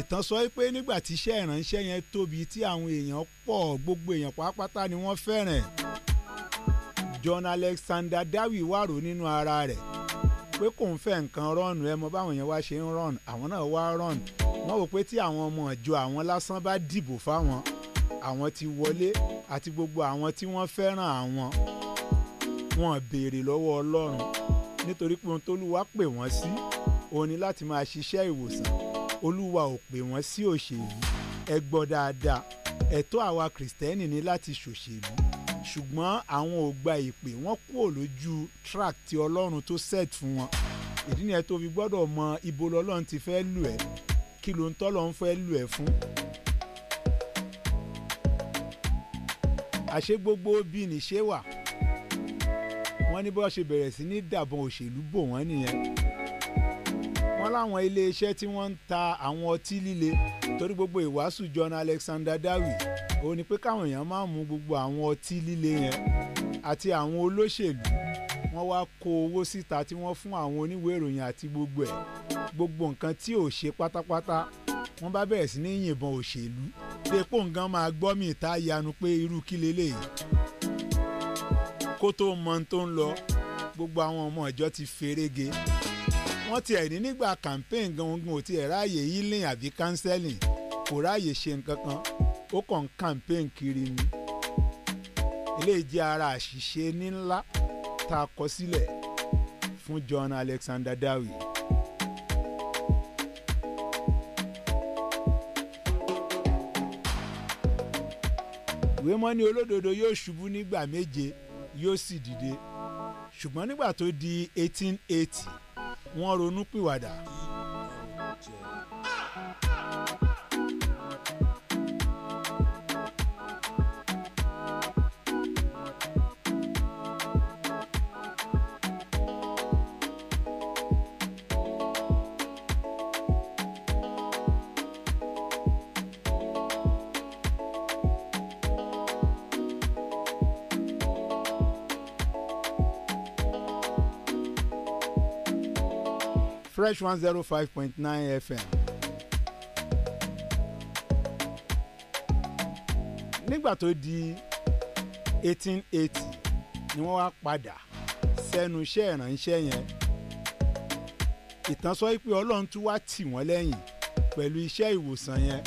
ìtàn sọ pé nígbà tí iṣẹ́ ìránṣẹ́ yẹn tóbi tí àwọn èèyàn pọ̀ gbogbo èèyàn pàápàá ni wọ́n fẹ́ràn John Alexander Dawi wà rò nínú ara rẹ̀ pé kò ń fẹ́ nǹkan rọ́ọ̀nù ẹ mọ báwọn yẹn wá ṣe ń rọ́ọ̀nù àwọn náà wá rọ́ọ̀nù wọ́n wò pé tí àwọn ọmọ ìjọ àwọn lásán bá dìbò fáwọn àwọn ti wọlé àti gbogbo àwọn tí wọ́n fẹ́ràn àwọn wọn béèrè lọ́wọ́ ọlọ́run nítorí pé ohun tólúwa pè wọ́n sí òun ni láti máa ṣiṣẹ́ ìwòsàn olúwa ò pè wọ́n sí òṣèlú ẹ dáadáa ẹ̀tọ́ àwa kìrìsìtẹ́nì ni láti ṣòṣèlú ṣùgbọ́n àwọn ò gba ìpè wọ́n kúrò lójú track ti ọlọ́run tó set fún wọn ìdí nìyẹn tó fi gbọ́dọ̀ mọ ibo lọ́lọ́run ti fẹ́ lù ẹ́ kí ló ń tọ́lọ́run fẹ́ lù ẹ́ fún. àṣé gbogbo bí nìṣe wà wọ́n ní bí wọ́n ṣe bẹ̀rẹ̀ sí ní dàbọn òṣèlú bò wọ́n nìyẹn wọ́n láwọn iléeṣẹ́ tí wọ́n ń ta àwọn ọtí líle torí gbogbo ìwàásù John Alexander Dawie òun ni pé káwọn èèyàn máa mú gbogbo àwọn ọtí líle yẹn àti àwọn olóṣèlú wọ́n wá kó owó síta tí wọ́n fún àwọn oníwèé ìròyìn àti gbogbo ẹ̀ gbogbo nǹkan tí ò ṣe pátápátá wọ́n bá bẹ̀rẹ̀ sí ní yìnbọn òṣèlú dépò nǹkan máa gbọ́ mi ìta yanu pé irú kí leléyìí kó tó mọ tó ń lọ gbogbo àwọn ọmọ ìjọ ti ferege wọ́n ti ẹ̀rí nígbà campaign gangan ò ti ẹ̀ ráàyè healing àbí counseling kò ráàyè ṣe nǹkan ó kàn ń campaign kiri ni eléyìí ara àṣìṣe ńlá tá a kọ sílẹ̀ fún John Alexander Dowie. ìwé mọ́ ní olódodo yóò ṣubú nígbà méje yóò sì dìde ṣùgbọ́n nígbà tó di eighteen eighty wọ́n ronú pìwàdà fresh one zero oh five point nine fm. nígbà tó di eighteen eighty ni wọ́n wá padà sẹ́nu iṣẹ́ ìrànṣẹ́ yẹn ìtàn sọ pé ọlọ́run tún wá tì wọ́n lẹ́yìn pẹ̀lú iṣẹ́ ìwòsàn yẹn.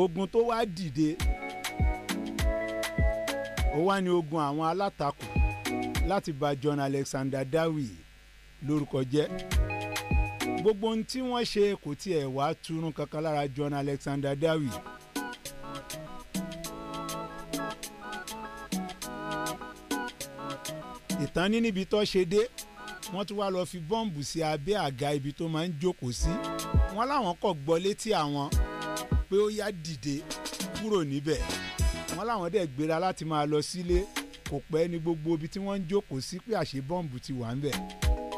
ogun tó wá dìde ó wá ní ogun àwọn alátakò láti bà John Alexander Dowie lórúkọ jẹ́ gbogbo ohun tí wọ́n ṣe kò tiẹ̀ wá túrún kankan lára John Alexander Dowie. ìtàn ní níbi tó ṣe dé wọ́n tún wá lọ fi bọ́ǹbù sí abẹ́ àga ibi tó máa ń jókòó sí wọ́n láwọn kò gbọ́ létí àwọn pé ó yá dìde kúrò níbẹ̀ wọ́n láwọn dẹ̀ gbéra láti máa lọ sílé kò pẹ́ ní gbogbo ibi tí wọ́n ń jókòó sí pé àṣẹ bọ́ǹbù ti wà ńbẹ̀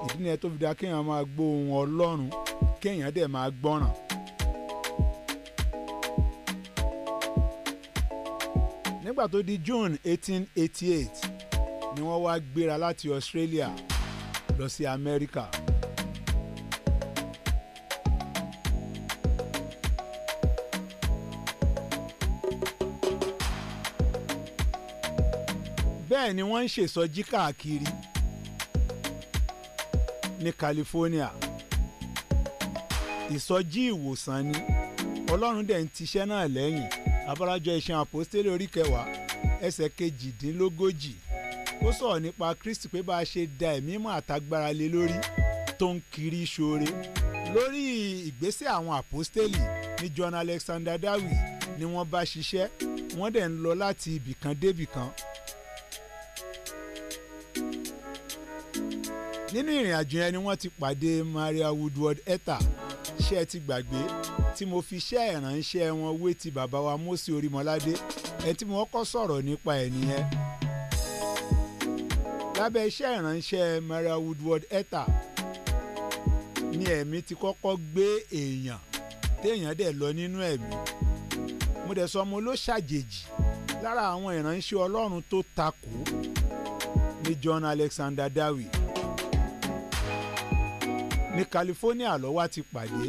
ìdí nìyẹn tó fi da kéèyàn máa gbọ́ ohùn Ọlọ́run kéèyàn dẹ̀ máa gbọ́ràn. nígbà tó di June eighteen eighty eight ni wọ́n wá gbéra láti Australia lọ sí Amẹ́ríkà. bẹ́ẹ̀ ni wọ́n ń ṣèsọjí káàkiri ní California ìsọjí ìwòsàn ni Ọlọ́run dẹ̀ ń tiṣẹ́ náà lẹ́yìn abarajọ iṣan àpòstélé orí kẹwàá ẹsẹ̀ kejìdínlógójì ó sọ̀rọ̀ nípa Kristi pé bá a ṣe da ẹ̀mí mọ́ àtagbára lé lórí tó ń kiri ṣoore lórí ìgbésẹ̀ àwọn àpòstélì ní John Alexander Dawie ni wọ́n bá ṣiṣẹ́ wọ́n dẹ̀ ń lọ láti ibìkan débìkan. nínú ìrìn àjò yẹn ni wọ́n ti pàdé Maria Woodward Etta ṣé ẹ ti gbàgbé tí mo fi ṣẹ́ ìránṣẹ́ wọn wé ti bàbá wa Mósè Orímọládé ẹ tí mo kọ́ sọ̀rọ̀ nípa ẹ̀ nìyẹn. lábẹ́ iṣẹ́ ìránṣẹ́ Maria Woodward Etta ni ẹ̀mí ti kọ́kọ́ gbé èèyàn téèyàn dẹ̀ lọ nínú ẹ̀mí mo dẹ̀ sọ ọmọ ló ṣàjèjì lára àwọn ìránṣẹ́ Ọlọ́run tó takò ní John Alexander Dowie ní California ló wá ti pàdé.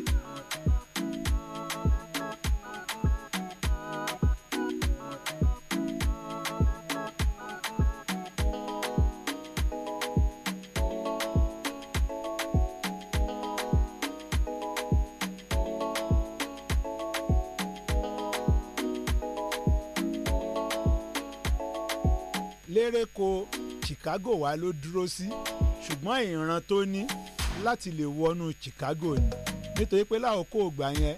lérèkó Chicago wa ló dúró sí ṣùgbọ́n ìran tó ní láti lè wọnú Chicago ni nítorí pé láòkó ògbà yẹn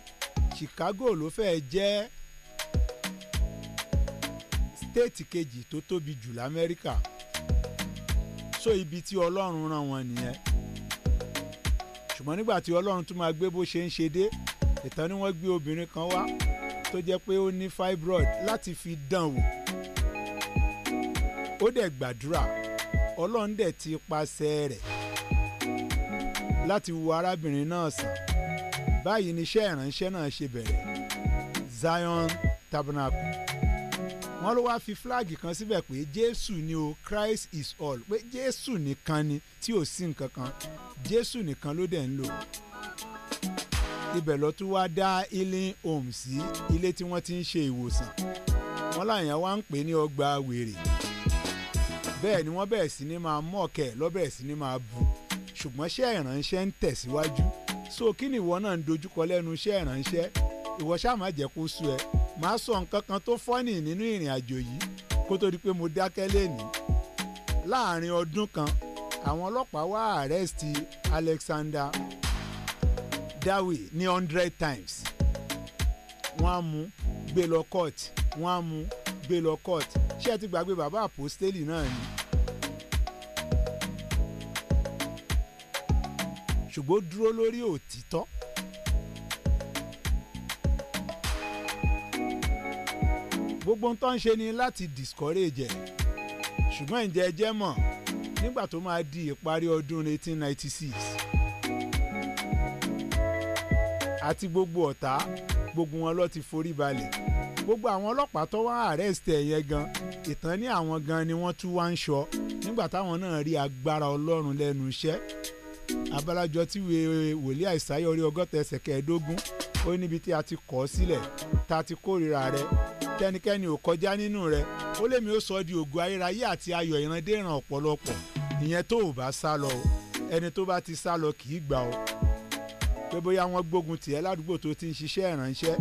Chicago ló fẹ́ẹ́ jẹ́ stéètì kejì tó tóbi jù l'Amẹ́ríkà so ibi tí Ọlọ́run rán wọn nìyẹn ṣùgbọ́n nígbà tí Ọlọ́run tún máa gbé bó ṣe ń ṣe dé ìtàn ni wọ́n gbé obìnrin kan wá tó jẹ́ pé ó ní fibroid láti fi dán wò ó dẹ̀ gbàdúrà Ọlọ́run dẹ̀ ti paṣẹ rẹ̀ láti wo arábìnrin náà sàn báyìí ni iṣẹ́ ìránṣẹ́ náà ṣe bẹ̀rẹ̀ Zion Tabernacle wọ́n ló wáá fi fúláàgì kan síbẹ̀ pé Jésù ni o Christ is all pé Jésù nìkan ni tí ò sí nǹkan kan Jésù nìkan ló dẹ̀ ń lò ibẹ̀ ló tún wáá dá healing home sí ilé tí wọ́n ti ń ṣe ìwòsàn wọ́n láyàn wá ń pè ní ọgbà wèrè bẹ́ẹ̀ ni wọ́n bẹ̀rẹ̀ sí ni máa mọ̀ọ́kẹ́ lọ́bẹ̀rẹ̀ sí ni máa bù ṣùgbọ́n ṣé ìrànṣẹ́ ń tẹ̀síwájú so kí ni ìwọ náà ń dojúkọ lẹ́nu iṣẹ́ ìrànṣẹ́ ìwọ ṣáà má jẹ́ kó sú ẹ màá sọ nǹkan kan tó fọ́nì nínú ìrìn àjò yìí kó tó di pé mo dákẹ́ lẹ́nu láàrin ọdún kan àwọn ọlọ́pàá wá àrẹ́sìtì Alexander Dawe ní hundred times wọ́n á mú gbé lọ court wọ́n á mú gbé lọ court ṣé ẹ ti gbàgbé bàbá àpòstélì náà ni ṣùgbọ́n ó dúró lórí òtítọ́. gbogbo ń tán ṣe ni láti discourage ẹ̀ ṣùgbọ́n ǹjẹ́ ẹ jẹ́ mọ̀ nígbà tó máa di ìparí ọdún 1896 àti gbogbo ọ̀tá gbogbo wọn ló ti forí balẹ̀ gbogbo àwọn ọlọ́pàá tó wá àrẹ́sìtì ẹ̀yẹ gan ìtàn ní àwọn gan ni wọ́n tún wá ń sọ nígbà táwọn náà rí agbára Ọlọ́run lẹ́nu iṣẹ́ abalajọ tí wòlíì àìsàyẹ orí ọgọ́ta ẹsẹ̀ kẹẹ̀ẹ́dógún ó níbi tí a ti kọ́ sílẹ̀ tá a ti kórìíra rẹ tẹnikẹ́ni ò kọjá nínú rẹ ó lèmi ó sọ ọ́ di ògo ayérayé àti ayọ̀ ìrandéran ọ̀pọ̀lọpọ̀ ìyẹn tó ò bá sá lọ ẹni tó bá ti sá lọ kì í gbà ọ́ pé bóyá wọ́n gbógun tìẹ́ ládùúgbò tó ti ń ṣiṣẹ́ ìránṣẹ́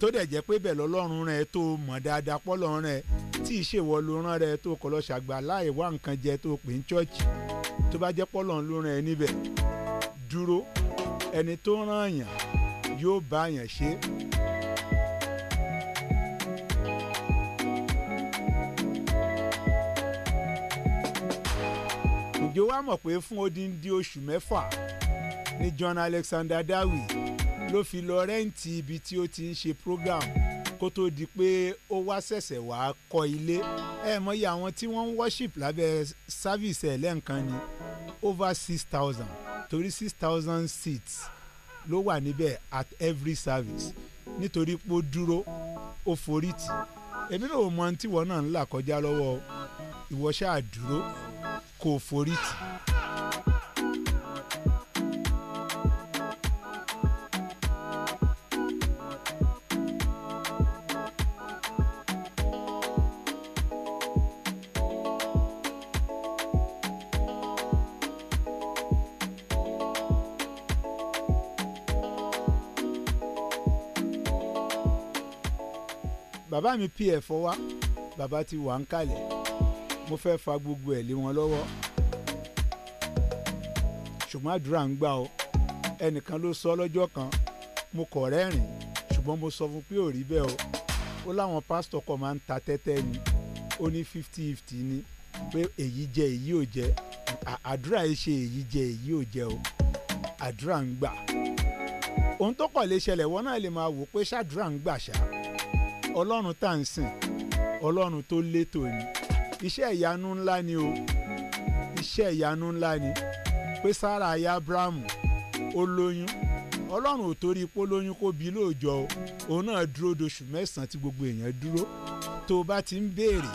tó dẹ̀ jẹ́ pé bẹ́ẹ̀ lọ́lọ́run rẹ tó mọ̀ dáadáa pọ́lọ́run rẹ tí ìṣèwọ ló rán rẹ tó kọ́ lọ ṣàgbà láì wá nǹkan jẹ tó pè ń ṣọ́ọ̀ṣì tó bá jẹ́ pọ́lọ́n ló rán ẹ níbẹ̀ dúró ẹni tó rán yàn yóò bá yàn ṣe. ǹjẹ́ wàá mọ̀ pé fún odindi oṣù mẹ́fà ni John Alexander Dawie ló fi lọ rẹ́ǹtì ibi tí ó ti ń ṣe program kó tó di pé ó wá ṣẹ̀ṣẹ̀ wá kọ́ ilé ẹ mọyì àwọn tí wọ́n ń worship lábẹ́ service ẹ̀ lẹ́ǹkan ni over six thousand torí six thousand seats ló wà níbẹ̀ at every service nítorí pé ó dúró ó forí tì èmi náà mọ ohun tí wọn náà ń là kọjá lọ́wọ́ ìwọ ṣáà dúró kò forí tì. bàbá mi pf wá bàbá ti wà ń kalẹ̀ mo fẹ́ fa gbogbo ẹ̀ lé wọn lọ́wọ́ ṣùgbọ́n àdúrà ń gbà o ẹnìkan ló sọ lọ́jọ́ kan mo kọ̀ rẹ́rìn ṣùgbọ́n mo sọ fún pé ò rí bẹ́ẹ̀ o ó láwọn pásítọ̀ kan máa ń ta tẹ́tẹ́ ni ó ní fifty fifty ni pé èyí jẹ èyí ò jẹ àdúrà yìí ṣe èyí jẹ èyí ò jẹ o àdúrà ń gbà ohun tó kọ̀ lè ṣẹlẹ̀ wọ́n náà lè máa wò pé ṣàdúrà ń gbà ṣáá ọlọ́run tá à ń sìn ọlọ́run tó létò ni iṣẹ́ ìyanu ńlá ni o iṣẹ́ ìyanu ńlá ni pé sára aya abrahamu ó lóyún ọlọ́run ò torí pé ó lóyún kó bí lóòjọ́ o òun náà dúró doṣù mẹ́sàn-án tí gbogbo èèyàn dúró tó o bá ti ń béèrè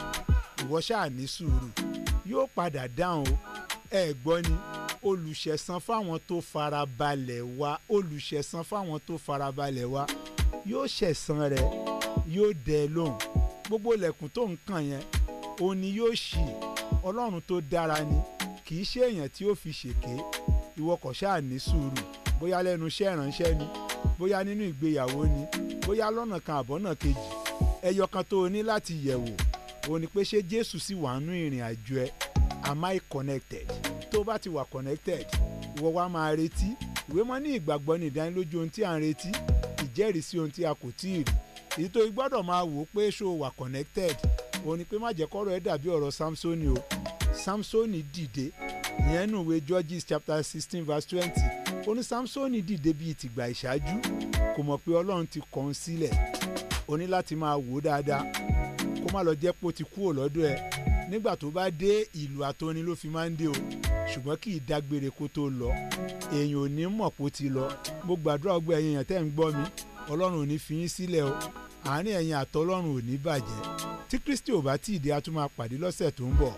ìwọ ṣáà ní sùúrù yóò padà dáhùn o ẹ gbọ́ ni olùṣẹ̀san fáwọn tó farabalẹ̀ wá olùṣẹ̀san fáwọn tó farabalẹ̀ wá yóò ṣẹ̀san rẹ̀ yóò dẹ lóhùn gbogbo ilẹ̀kùn tó ń kàn yẹn òun ni yóò ṣí ọlọ́run tó dára ni kì í ṣe èèyàn tí ó fi ṣèké ìwọ kò ṣáà ní sùúrù bóyá lẹ́nu iṣẹ́ ìránṣẹ́ ni bóyá nínú ìgbéyàwó ni bóyá lọ́nà kan àbọ̀nà kejì ẹyọ kan tó o ní láti yẹ̀wò òun ni pé ṣé Jésù sì wà nínú ìrìn àjò ẹ am I connected tó o bá ti wà connected ìwọ wa máa retí ìwé mọ́ ní ìgbàgbọ́ ní ìdánilójú ohun tí a ń retí ìjẹ́rìí sí ohun tí a kò tíì rí ìtò gbọ́dọ̀ máa wò ó pé ṣó wà connected òun ni pé má jẹ́ kọ́rọ̀ ẹ̀ dàbí ọ̀rọ̀ samsoni o samsoni dìde ìyẹn nù ìwé Judges chapter sixteen verse twenty ó ní samsoni dìde bíi tìgbà ìṣáájú kò mọ̀ pé ọlọ́run ti kọ̀ ọ́n sílẹ̀ o ní láti máa wò ó dáadáa kó má lọ jẹ́ pé ó ti kúrò lọ́dọ̀ ẹ nígbà tó bá dé ìlú àtọ́ni ló fi máa ń dé o ṣùgbọ́n kì í dágbére kó tó lọ èèyàn ò ní mọ̀ kó ti lọ mo gbàdúrà ọgbẹ́ ẹ̀yìn èèyàn tẹ́ ń gbọ́ mi ọlọ́run ò ní fi yín sílẹ̀ o àárín ẹ̀yin àtọlọ́run ò ní bàjẹ́ tí kristi ò bá tí ì dé a tún máa pàdé lọ́sẹ̀ tó ń bọ̀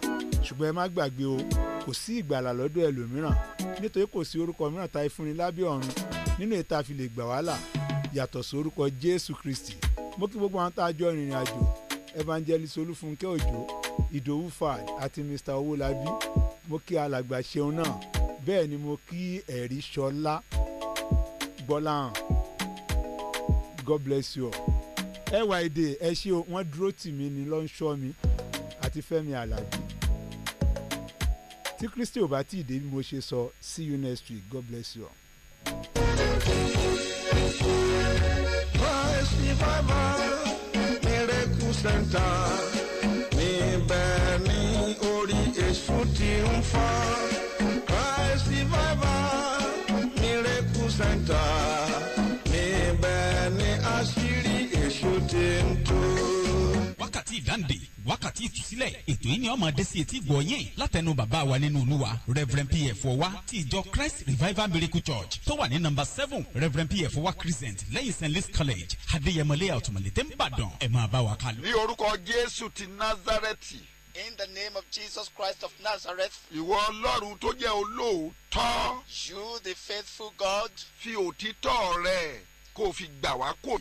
ṣùgbọ́n ẹ má gbàgbé o kò sí ìgbàlà lọ́dọ̀ ẹlòmíràn nítorí kò sí orúkọ mìíràn tá a fúnni lábẹ́ ọ̀run nínú ètò àfi lè gbà wàhálà yàtọ̀ sí orúkọ jésù kristi mo kí gbogbo àwọn tá a jọ rìnrìn àjò evangelist olúfúnkẹ́ òjò ìdòwú fad àti mr owólabí mo kí alàgbà ṣeun náà bẹ́ẹ̀ ni mo kí ẹ̀rí ṣọlá gbọ́láhàn god bless you all nyd ẹ ṣe o wọ́n dúró tì mí ni ló ń ṣọ́ mi àti Fẹ́mi Alábí tí Kristi ò bá tí ì dé bí mo ṣe sọ see you next week God bless you. Center níbẹ̀ ni orí èṣù ti ń wákàtí ìdáǹdè wákàtí ìtúsílẹ̀ ètò yìí ni ó máa etí gbọ́ látẹnu bàbá wa nínú olúwa reverend pf ọwá ti ìjọ christ revival miracle church tó wà ní number seven reverend pf ọwá crescent lẹ́yìn st louis college adéyẹmọlẹ́ àtùmọ̀lẹ́tẹ̀ ńbàdàn ẹ máa bá wa kálọ. ní orúkọ jésù ti nazareti. In the name of Jesus Christ of Nazareth. Ìwọ Ọlọ́run tó jẹ́ olóòótọ́. You the faithful God. Fi òtítọ́ rẹ̀ kó o fi gbà wá kò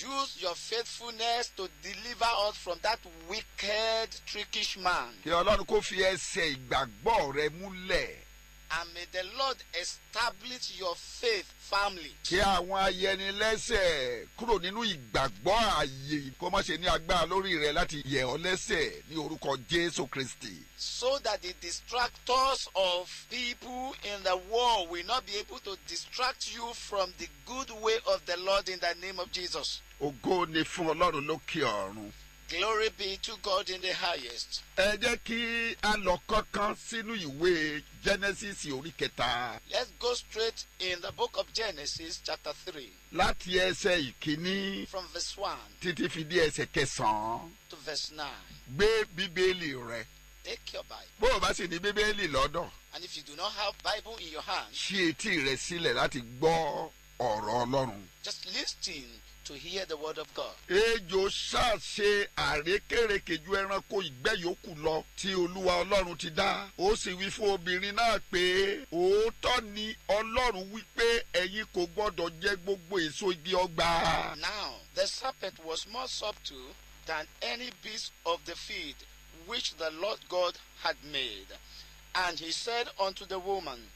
use your faithfulness to deliver us from that wicked trickish man. kí ọlọ́run kó fi ẹsẹ̀ ìgbàgbọ́ rẹ múlẹ̀ and may the lord establish your faith firmly. kí àwọn ayẹnilẹ́sẹ̀ kúrò nínú ìgbàgbọ́ ààyè kó má ṣe ní agbára lórí rẹ láti yẹ ọ lẹ́sẹ̀ ní orúkọ jésù kristi. so that the distractors of people in the world will not be able to distract you from the good way of the lord in the name of jesus. ògo ni fún ọlọ́run lókè ọ̀run glory be to God in the highest. ẹ jẹ́ kí a lọ kankan sínú ìwé genesis orí kẹta. let's go straight in the book of genesis chapter three. láti ẹsẹ̀ ìkíní. from verse one. títí fi dé ẹsẹ̀ kẹsàn-án. to verse nine. gbé bíbélì rẹ. take your bible. bó o bá sì ní bíbélì lọ́dọ̀. and if you do not have bible in your hand. ṣí etí rẹ sílẹ̀ láti gbọ́ ọ̀rọ̀ ọlọ́run. just lis ten to hear the word of God. ejò ṣàṣe àrékèrèké ju ẹranko ìgbẹ́ yòókù lọ tí olúwa ọlọ́run ti dá ó sì wí fún obìnrin náà pé òótọ́ ni ọlọ́run wí pé ẹ̀yin kò gbọ́dọ̀ jẹ gbogbo èso igi ọgbà. now the serpent was more subtle than any beast of the field which the lord God had made and he said unto the woman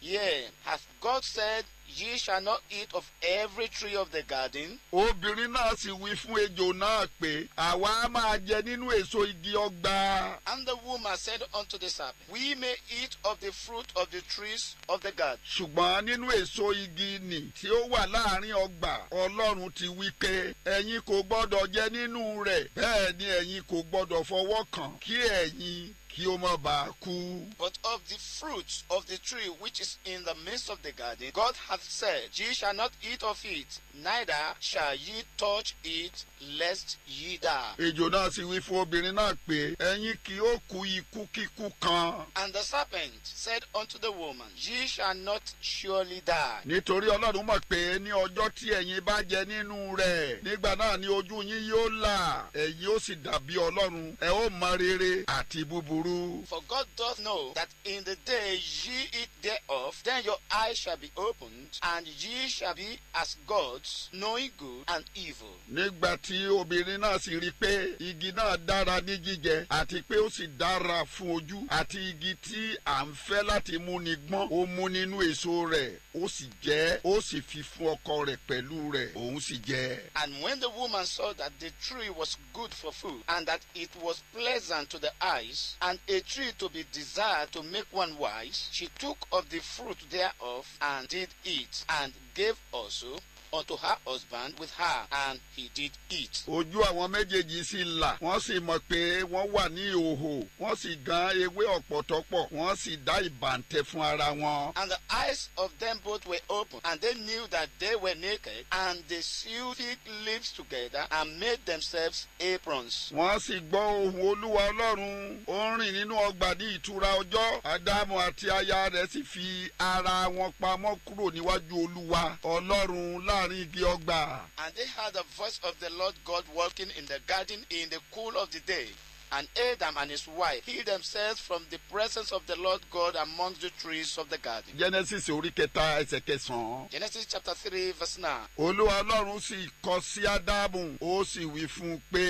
yea hath God said ye shall not eat of every tree of the garden. obìnrin náà sì wí fún ejò náà pé àwa á máa jẹ nínú èso igi ọgbà. and the woman said unto the serpent we may eat of the fruit of the trees of the garden. ṣùgbọ́n nínú èso igi nì tí ó wà láàrin ọgbà ọlọ́run ti wí pé ẹ̀yin kò gbọ́dọ̀ jẹ nínú rẹ̀ bẹ́ẹ̀ ni ẹ̀yin kò gbọ́dọ̀ fọwọ́ kàn kí ẹ̀yin kí ó má bàa kú. But of the fruit of the tree which is in the midst of the garden, God hath said, Ye shall not eat of it, neither shall ye touch it, lest ye die. Ejò náà sì wí fún obìnrin náà pé, Ẹ̀yin kì ó kú ikú kíkú kan. And the serpent said unto the woman, Ye shall not surely die. Nítorí Ọlọ́run mọ̀ pé ní ọjọ́ tí ẹ̀yin bá jẹ nínú rẹ̀, nígbà náà ni ojú yín yóò là, ẹ̀yin ó sì dàbí Ọlọ́run, ẹ ó mọ rere àti búburú búburú. For God doth know that in the day ye eat thereof, then your eyes shall be opened, and ye shall be as gods, knowing good and evil. Nígbà tí obìnrin náà sì rí i pé igi náà dára ní jíjẹ àti pé ó sì dára fún ojú àti igi tí à ń fẹ́ láti mú ni gbọ́n, ó mú nínú èso rẹ̀, ó sì jẹ, ó sì fi fún ọkọ rẹ̀ pẹ̀lú rẹ̀, òun sì jẹ. And when the woman saw that the tree was good for food, and that it was pleasant to the eyes, and and a tree to be desired to make one wise, she took of the fruit thereof and did eat, and gave also unto her husband with her and he did it. ojú àwọn méjèèjì sì là wọ́n sì mọ̀ pé wọ́n wà ní ìhòhò wọ́n sì gan ewé ọ̀pọ̀tọ́pọ̀ wọ́n sì dá ìbàǹtẹ́ fún ara wọn. and the eyes of them both were open and they knew that they were naked and they sewed fig leaves together and made themselves aprons. wọ́n sì gbọ́ ohun olúwa ọlọ́run ó ń rìn nínú ọgbà ní ìtura ọjọ́ ádámù àti aya rẹ̀ sì fi ara wọn pamọ́ kúrò níwájú olúwa ọlọ́run lá láàrin igi ọgbà. And they heard the voice of the Lord God walking in the garden in the cool of the day. And Adam and his wife hid themselves from the presence of the Lord God amongst the trees of the garden. Genesis orí kẹta ẹsẹ̀ kẹsàn-án. Genesis chapter three verse nine. Olúwa Ọlọ́run sì kọ sí Ádámù, ó sì wí fún un pé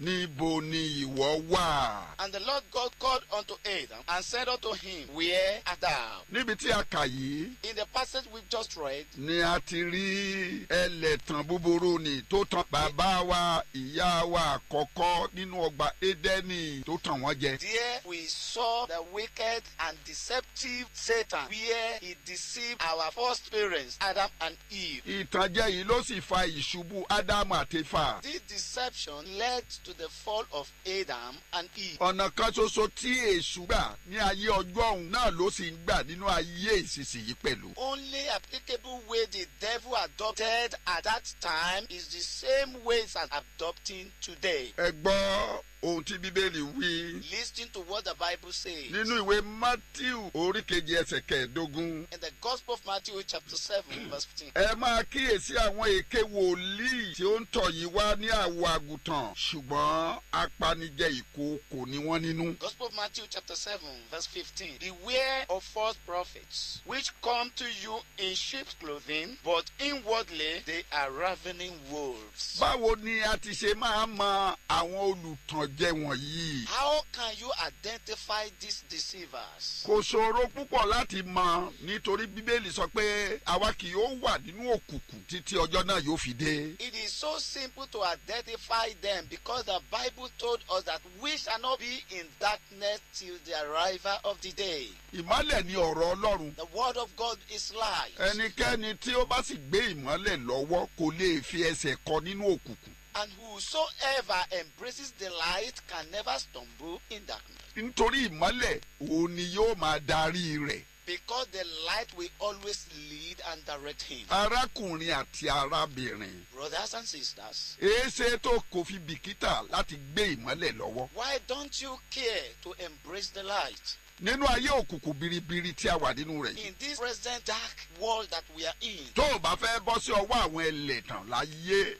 níbo ni ìwọ wà. And the Lord God called unto Adam and said unto him, Where art thou? Níbi tí a kà yìí. In the passage we just read. Ni a ti rí ẹlẹ́tàn búburú ni tó tan bàbá wa ìyá wa àkọ́kọ́ nínú ọgbà Édè dẹ́ni tó tàn wọ́n jẹ. There we saw the wicked and deceptive Satan where he deceived our first parents Adam and Eve. Ìtànjẹ yìí ló sì fa ìṣubú Ádámù àti Éfà. This deception led to the fall of Adam and Eve. Ọ̀nà kan ṣoṣo tí èṣù gbà ní ayé ọjọ́ òun náà ló sì ń gbà nínú ayé ìsinsìnyí pẹ̀lú. Only applicable way the devil adopted at that time is the same way as adopting today. Ẹ gbọ́ ohun tí bíbélì wí. listen to what the bible says. nínú ìwé matthew orí ẹsẹ̀ kẹẹ̀dógún. in the gospel of matthew chapter seven verse fifteen. ẹ máa kíyèsí àwọn èké wòlíì tí ó ń tọ̀ yìí wá ní àwọ̀ àgùntàn ṣùgbọ́n apanijẹ ìkookò ni wọ́n nínú. gospel of matthew chapter seven verse fifteen. beware of false prophets which come to you in sheep's clothing but inwardly they are ravening wolves. báwo ni a ti ṣe máa mọ àwọn olùtàn ọ̀jẹ̀ wọ̀nyí. How can you identify these deceivers? Kò ṣòro púpọ̀ láti mọ̀ nítorí Bíbélì sọ pé àwa kì yóò wà nínú òkùnkùn títí ọjọ́ náà yóò fi dé. It is so simple to identify them because the Bible told us that we shall not be in darkness till the arrival of the day. Ìmọ́lẹ̀ ni ọ̀rọ̀ Ọlọ́run. The word of God is light. Ẹnikẹ́ni tí ó bá sì gbé ìmọ́lẹ̀ lọ́wọ́ kò lè fi ẹsẹ̀ kọ nínú òkùnkùn and whosoever embraces the light can never stumble in darkness. nítorí ìmọ́lẹ̀ òun ni yóò máa darí rẹ̀. because the light will always lead and direct him. arákùnrin àti arábìnrin. brothers and sisters. èéṣe tó kò fi bìkítà láti gbé ìmọ́lẹ̀ lọ́wọ́. why don't you care to embrace the light? nínú ayé òkùnkùn biribiri tí a wà nínú rẹ̀. in this present dark world that we are in. tó o bá fẹ́ bọ́ sí ọwọ́ àwọn ẹlẹ́tàn láyé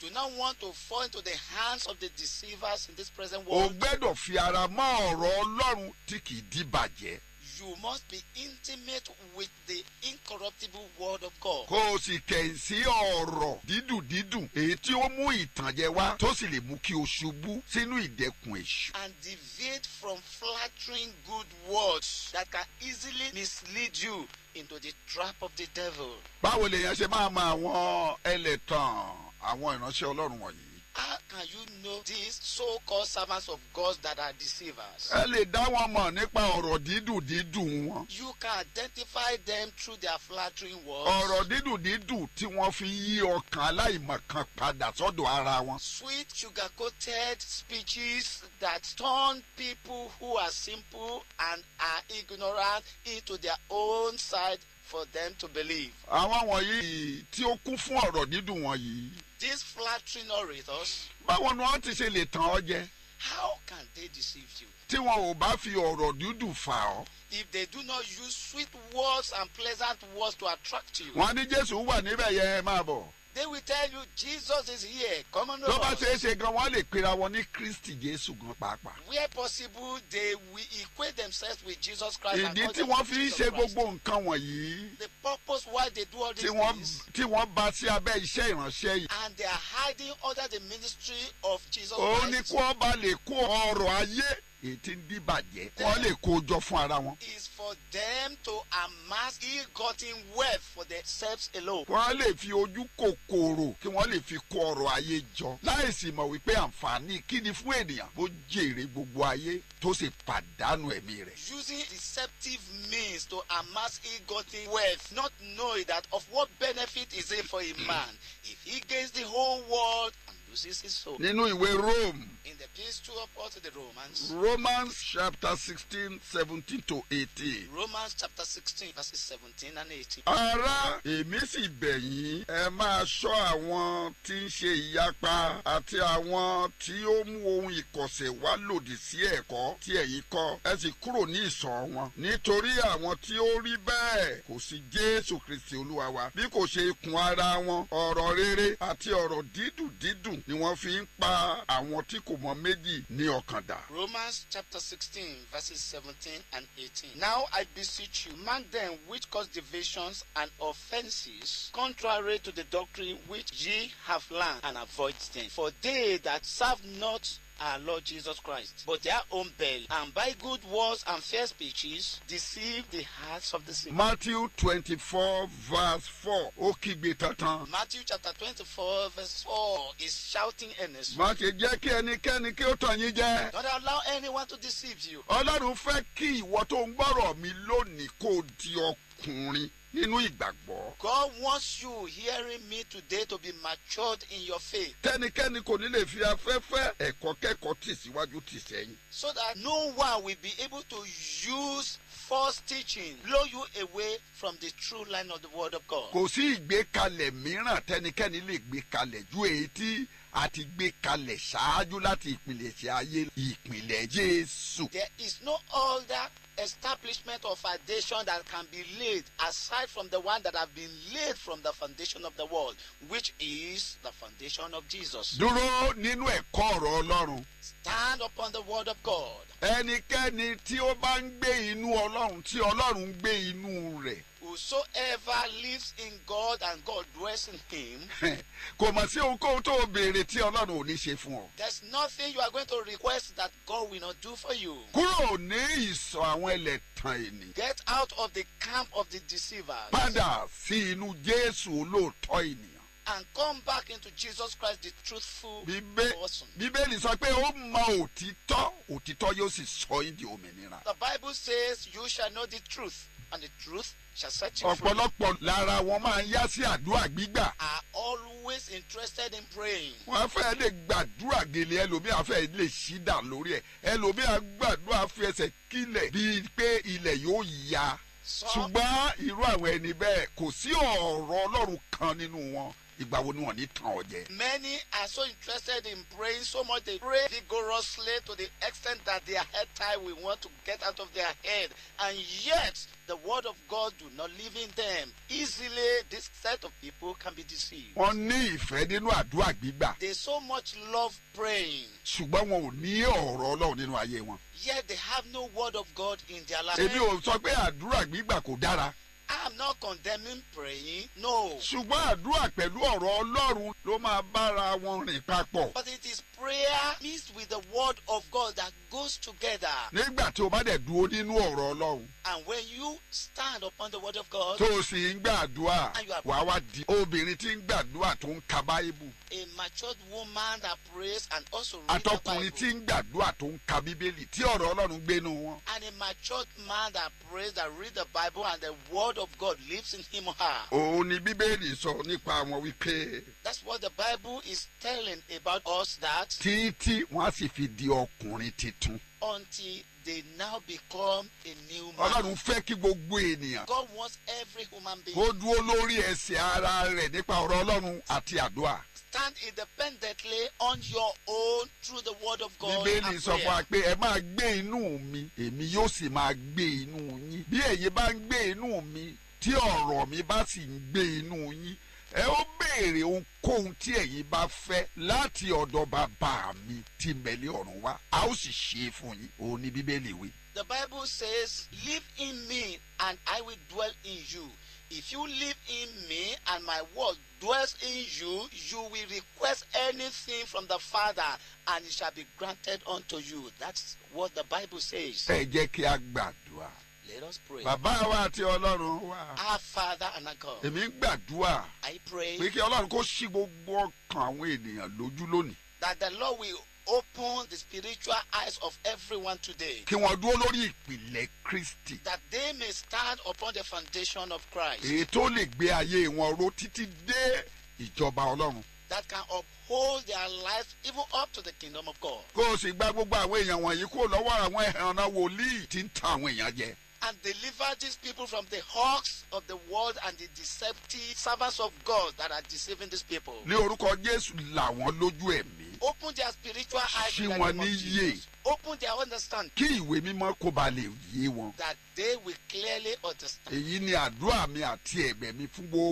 do not want to fall into the hands of the deceivers in this present world. o fi ara mọ́ ọ̀rọ̀ ọlọ́run tí kì í dìbàjẹ́. you must be intimate with the incorruptible word of God. kó o sì kẹ̀yìn sí ọ̀rọ̀ dídùn dídùn èyí tí ó mú ìtànjẹ wá tó sì lè mú kí o ṣubú sínú ìdẹkùn èṣù. and deviate from flattering good words that can easily mislead you into the trap of the devil. báwo lèèyàn ṣe máa mọ àwọn ẹlẹ́tàn àwọn ìránṣẹ́ ọlọ́run wọ̀nyí. How can you know these so-called servants of God that are deceivers? Ẹ lè dá wọn mọ̀ nípa ọ̀rọ̀ dídùn dídùn wọn. You can identify them through their flattering words. Ọ̀rọ̀ dídùn dídùn tí wọ́n fi yí ọkàn aláìmọ̀kan padà sọ́dọ̀ ara wọn. Sweet sugar-coated speeches that turn people who are simple and are ignorant into their own side for them to believe. Àwọn wọ̀nyí tí ó kún fún ọ̀rọ̀ dídùn wọ̀nyí this flattering orators. báwo ni wọ́n ti ṣe lè tàn ọ́ jẹ. how can they deceive you. tí wọn ò bá fi ọ̀rọ̀ dúdú fà ọ́. if they do not use sweet words and pleasant words to attract you. wọ́n ní jésù wà níbẹ̀ yẹn máa bọ̀ they will tell you Jesus is here come on lọ́ba ṣe é ṣe gan wọ́n lè pera wọn ní Kristi Jésù gan pàápàá. where possible they will equate themselves with Jesus Christ. ìdí tí wọ́n fi ń ṣe gbogbo nǹkan wọ̀nyí. the purpose why they do all these things. tí wọ́n bá sí abẹ́ iṣẹ́ ìránṣẹ́ yìí. and they are hiding under the ministry of Jesus Christ. ó ní kó ọba lè kó ọrọ̀ ayé ètí ń dìbàjẹ́ wọ́n lè kó jọ fún ara wọn. is for them to amass ill-gotten wealth for themselves alone. wọ́n lè fi ojú kòkòrò kí wọ́n lè fi kó ọrọ̀ ayé jọ láìsí mọ̀ wípé àǹfààní kíni fún ènìyàn bó jèrè gbogbo ayé tó sì pàdánù ẹ̀mí rẹ̀. using deceptive means to amass ill-gotten wealth not knowing that of what benefit is it for a man if he gains the whole world and uses Nínú ìwé Rome. In the epistle of the Romans. Romans chapter sixteen seventeen to eighteen. Romans chapter sixteen verses seventeen and eighteen. Ará èmi sì bẹ̀ yín ẹ máa ṣọ́ àwọn tí ń ṣe ìyapa àti àwọn tí ó mú ohun ìkọ̀sẹ̀ wá lòdì sí ẹ̀kọ́ tí ẹ̀yin kọ́ ẹ sì kúrò ní ìsọ̀ wọn. Nítorí àwọn tí ó rí bẹ́ẹ̀ kò sí Jésù Kristi Olúwa wa bí kò ṣe ikùn ara wọn ọ̀rọ̀ rere àti ọ̀rọ̀ dídùn dídùn ni wọ́n fi ń pa àwọn tí kò mọ méjì ní ọkàn dà. Romans chapter sixteen verses seventeen and eighteen. Now I beseech you, mark them which cause divisions and offences contrary to the doctrine which ye have learned and avoid them. For they that serve not our Lord Jesus Christ. But their own bell, and by good words and fair speeches, deceive the hearts of the simple. Matthew 24, verse 4. Ó kígbe tantan. Matthew chapter 24, verse 4 is shouting earnestly. Má ṣe jẹ́ kí ẹnikẹ́ni kí ó tàn yín jẹ. Don't allow anyone to deceive you. Ọlọ́run fẹ́ kí ìwọ tó ń gbọ́rọ̀ mi lónìí kó di ọkùnrin nínú ìgbàgbọ́. God wants you hearing me today to be matured in your faith. Kẹ́nikẹ́ni kò ní lè fi afẹ́fẹ́ ẹ̀kọ́ kẹ́kọ̀ọ́ tì síwájú tì sẹ́yìn. So that no one will be able to use false teaching blow you away from the true line of the word of God. Kò sí ìgbékalẹ̀ mìíràn tẹ́nikẹ́ni lè gbé ju èyí tí a ti gbé kalẹ̀ ṣáájú láti ìpìlẹ̀ṣẹ̀ ayé ìpìlẹ̀ Jésù. There is no other establishment of foundation that can be laid aside from the one that have been laid from the foundation of the world which is the foundation of Jesus. dúró nínú ẹ̀kọ́ ọ̀rọ̀ ọlọ́run. stand upon the word of God. ẹnikẹ́ni tí ó bá ń gbé inú ọlọ́run tí ọlọ́run ń gbé inú rẹ̀ whosoever lives in God and God dwells in him. kò mọ̀ sí ohunkóhun tó o béèrè tí ọlọ́run ò ní ṣe fún ọ. there is nothing you are going to request that God will not do for you. kúrò ní ìsọ̀ àwọn ẹlẹ́tàn ẹni. get out of the camp of the deceivers. padà sí inú Jésù olóòótọ́ ènìyàn and come back into Jesus Christ the truthful Bíbé, person. Bíbélì sọ pé ó mọ òtítọ́ òtítọ́ yóò sì sọ yín òmìnira. The Bible says you shall know the truth and the truth shall set you free. ọ̀pọ̀lọpọ̀ lára wọn máa ń yá sí àdúrà gbígbà. are always interested in praying. wọ́n fẹ́ lè gbàdúrà gèlè ẹlòmíà fẹ́ lè ṣí dà lórí ẹ̀ ẹlòmíà gbàdúrà fi ẹsẹ̀ kílẹ̀ bíi pé ilẹ̀ yóò ya. ṣùgbọ́n irú àwọn ẹni bẹ́ẹ̀ kò sí ọ̀rọ̀ ọlọ́run kan nínú wọn ìgbà wo ni wọn ní tàn ọ jẹ. many are so interested in praying so much they pray vigorously to the extent that their head tie we want to get out of their head and yet the word of God do not live in them easily this set of people can be deceived. wọ́n ní ìfẹ́ nínú àdúrà gbígbà. they so much love praying. ṣùgbọ́n wọn ò ní ọ̀rọ̀ ọlọ́run nínú ayé wọn. yet they have no word of God in their life. èmi ò sọ pé àdúrà gbígbà kò dára. I am not condemning praying. No. ṣùgbọ́n àdúrà pẹ̀lú ọ̀rọ̀ Ọlọ́run ló máa bára wọn rìn papọ̀. But it is prayer mixed with the word of God that goes together. nígbà tí o bá dẹ̀ dúró nínú ọ̀rọ̀ ọlọ́run. and when you stand upon the word of God. tó o sì ń gbàdúrà wàá wá di obìnrin tí ń gbàdúrà tó ń ka a matured woman that prays and also read the Bible. àtọkùnrin tí ń gbàdúrà tó ń ka bíbélì tí ọ̀rọ̀ ọlọ́run gbénu wọn. and a matured man that prays that read the Bible and the word of God lives in him or her. òun ni bíbélì sọ nípa wọn wípé. that's what the Bible is telling about us that. that. títí wọ́n á sì fi di ọkùnrin titun. until they now become a new man. ọlọ́run fẹ́ kí gbogbo ènìyàn. God wants every human being. kó dúró lórí ẹsẹ̀ ara rẹ̀ nípa ọ̀rọ̀ ọlọ́run àti àdúrà. stand independently on your own through the word of God and prayer. bíbélì sọ fún wa pé ẹ máa gbé inú mi èmi yóò sì máa gbé inú yín bí ẹ̀yin bá ń gbé inú mi tí ọ̀rọ̀ mi bá sì ń gbé inú yín ẹ ó béèrè ohunkóhun tí ẹ̀yin bá fẹ́ láti ọ̀dọ̀ bàbá mi tí mẹ́lẹ́ ọ̀run wá a ó sì ṣe é fún yín òun ni bíbélì wí. The Bible says, "Live in me and I will dwell in you." If you live in me and my word dwells in you, you will request anything from the Father and it shall be granted unto you. That's what the Bible says. Ẹ jẹ́ kí a gbàdúrà. Let us pray. Bàbá wa àti Ọlọ́run wa. Our Father and our God. Èmi ń gbàdúrà. I pray. Pé kí Ọlọ́run kó ṣí gbogbo ọkàn àwọn ènìyàn lójú lónìí. That the Lord will open the spiritual eyes of everyone today. kí wọ́n dúró lórí ìpìlẹ̀ Kristi. that they may stand upon the foundation of Christ. èyí lè gbé ayé wọn ró títí dé ìjọba Ọlọ́run. that can uphold their life even up to the kingdom of God. kó o sì gba gbogbo àwọn èèyàn wọ̀nyí kúrò lọ́wọ́ àwọn ẹ̀rànà wòlíì tí ń ta àwọn èèyàn jẹ and deliver these people from the hawks of the world and the deceptive servants of God that are deceiving these people. ní orúkọ Jésù làwọn lójú ẹ̀mí. open their spiritual eyes in the name of Jesus. open their understanding. kí ìwé mímọ́ kó ba lè yé wọn. that they will clearly understand. èyí ni àdúrà mi àti ẹ̀bẹ̀ mi fún gbogbo.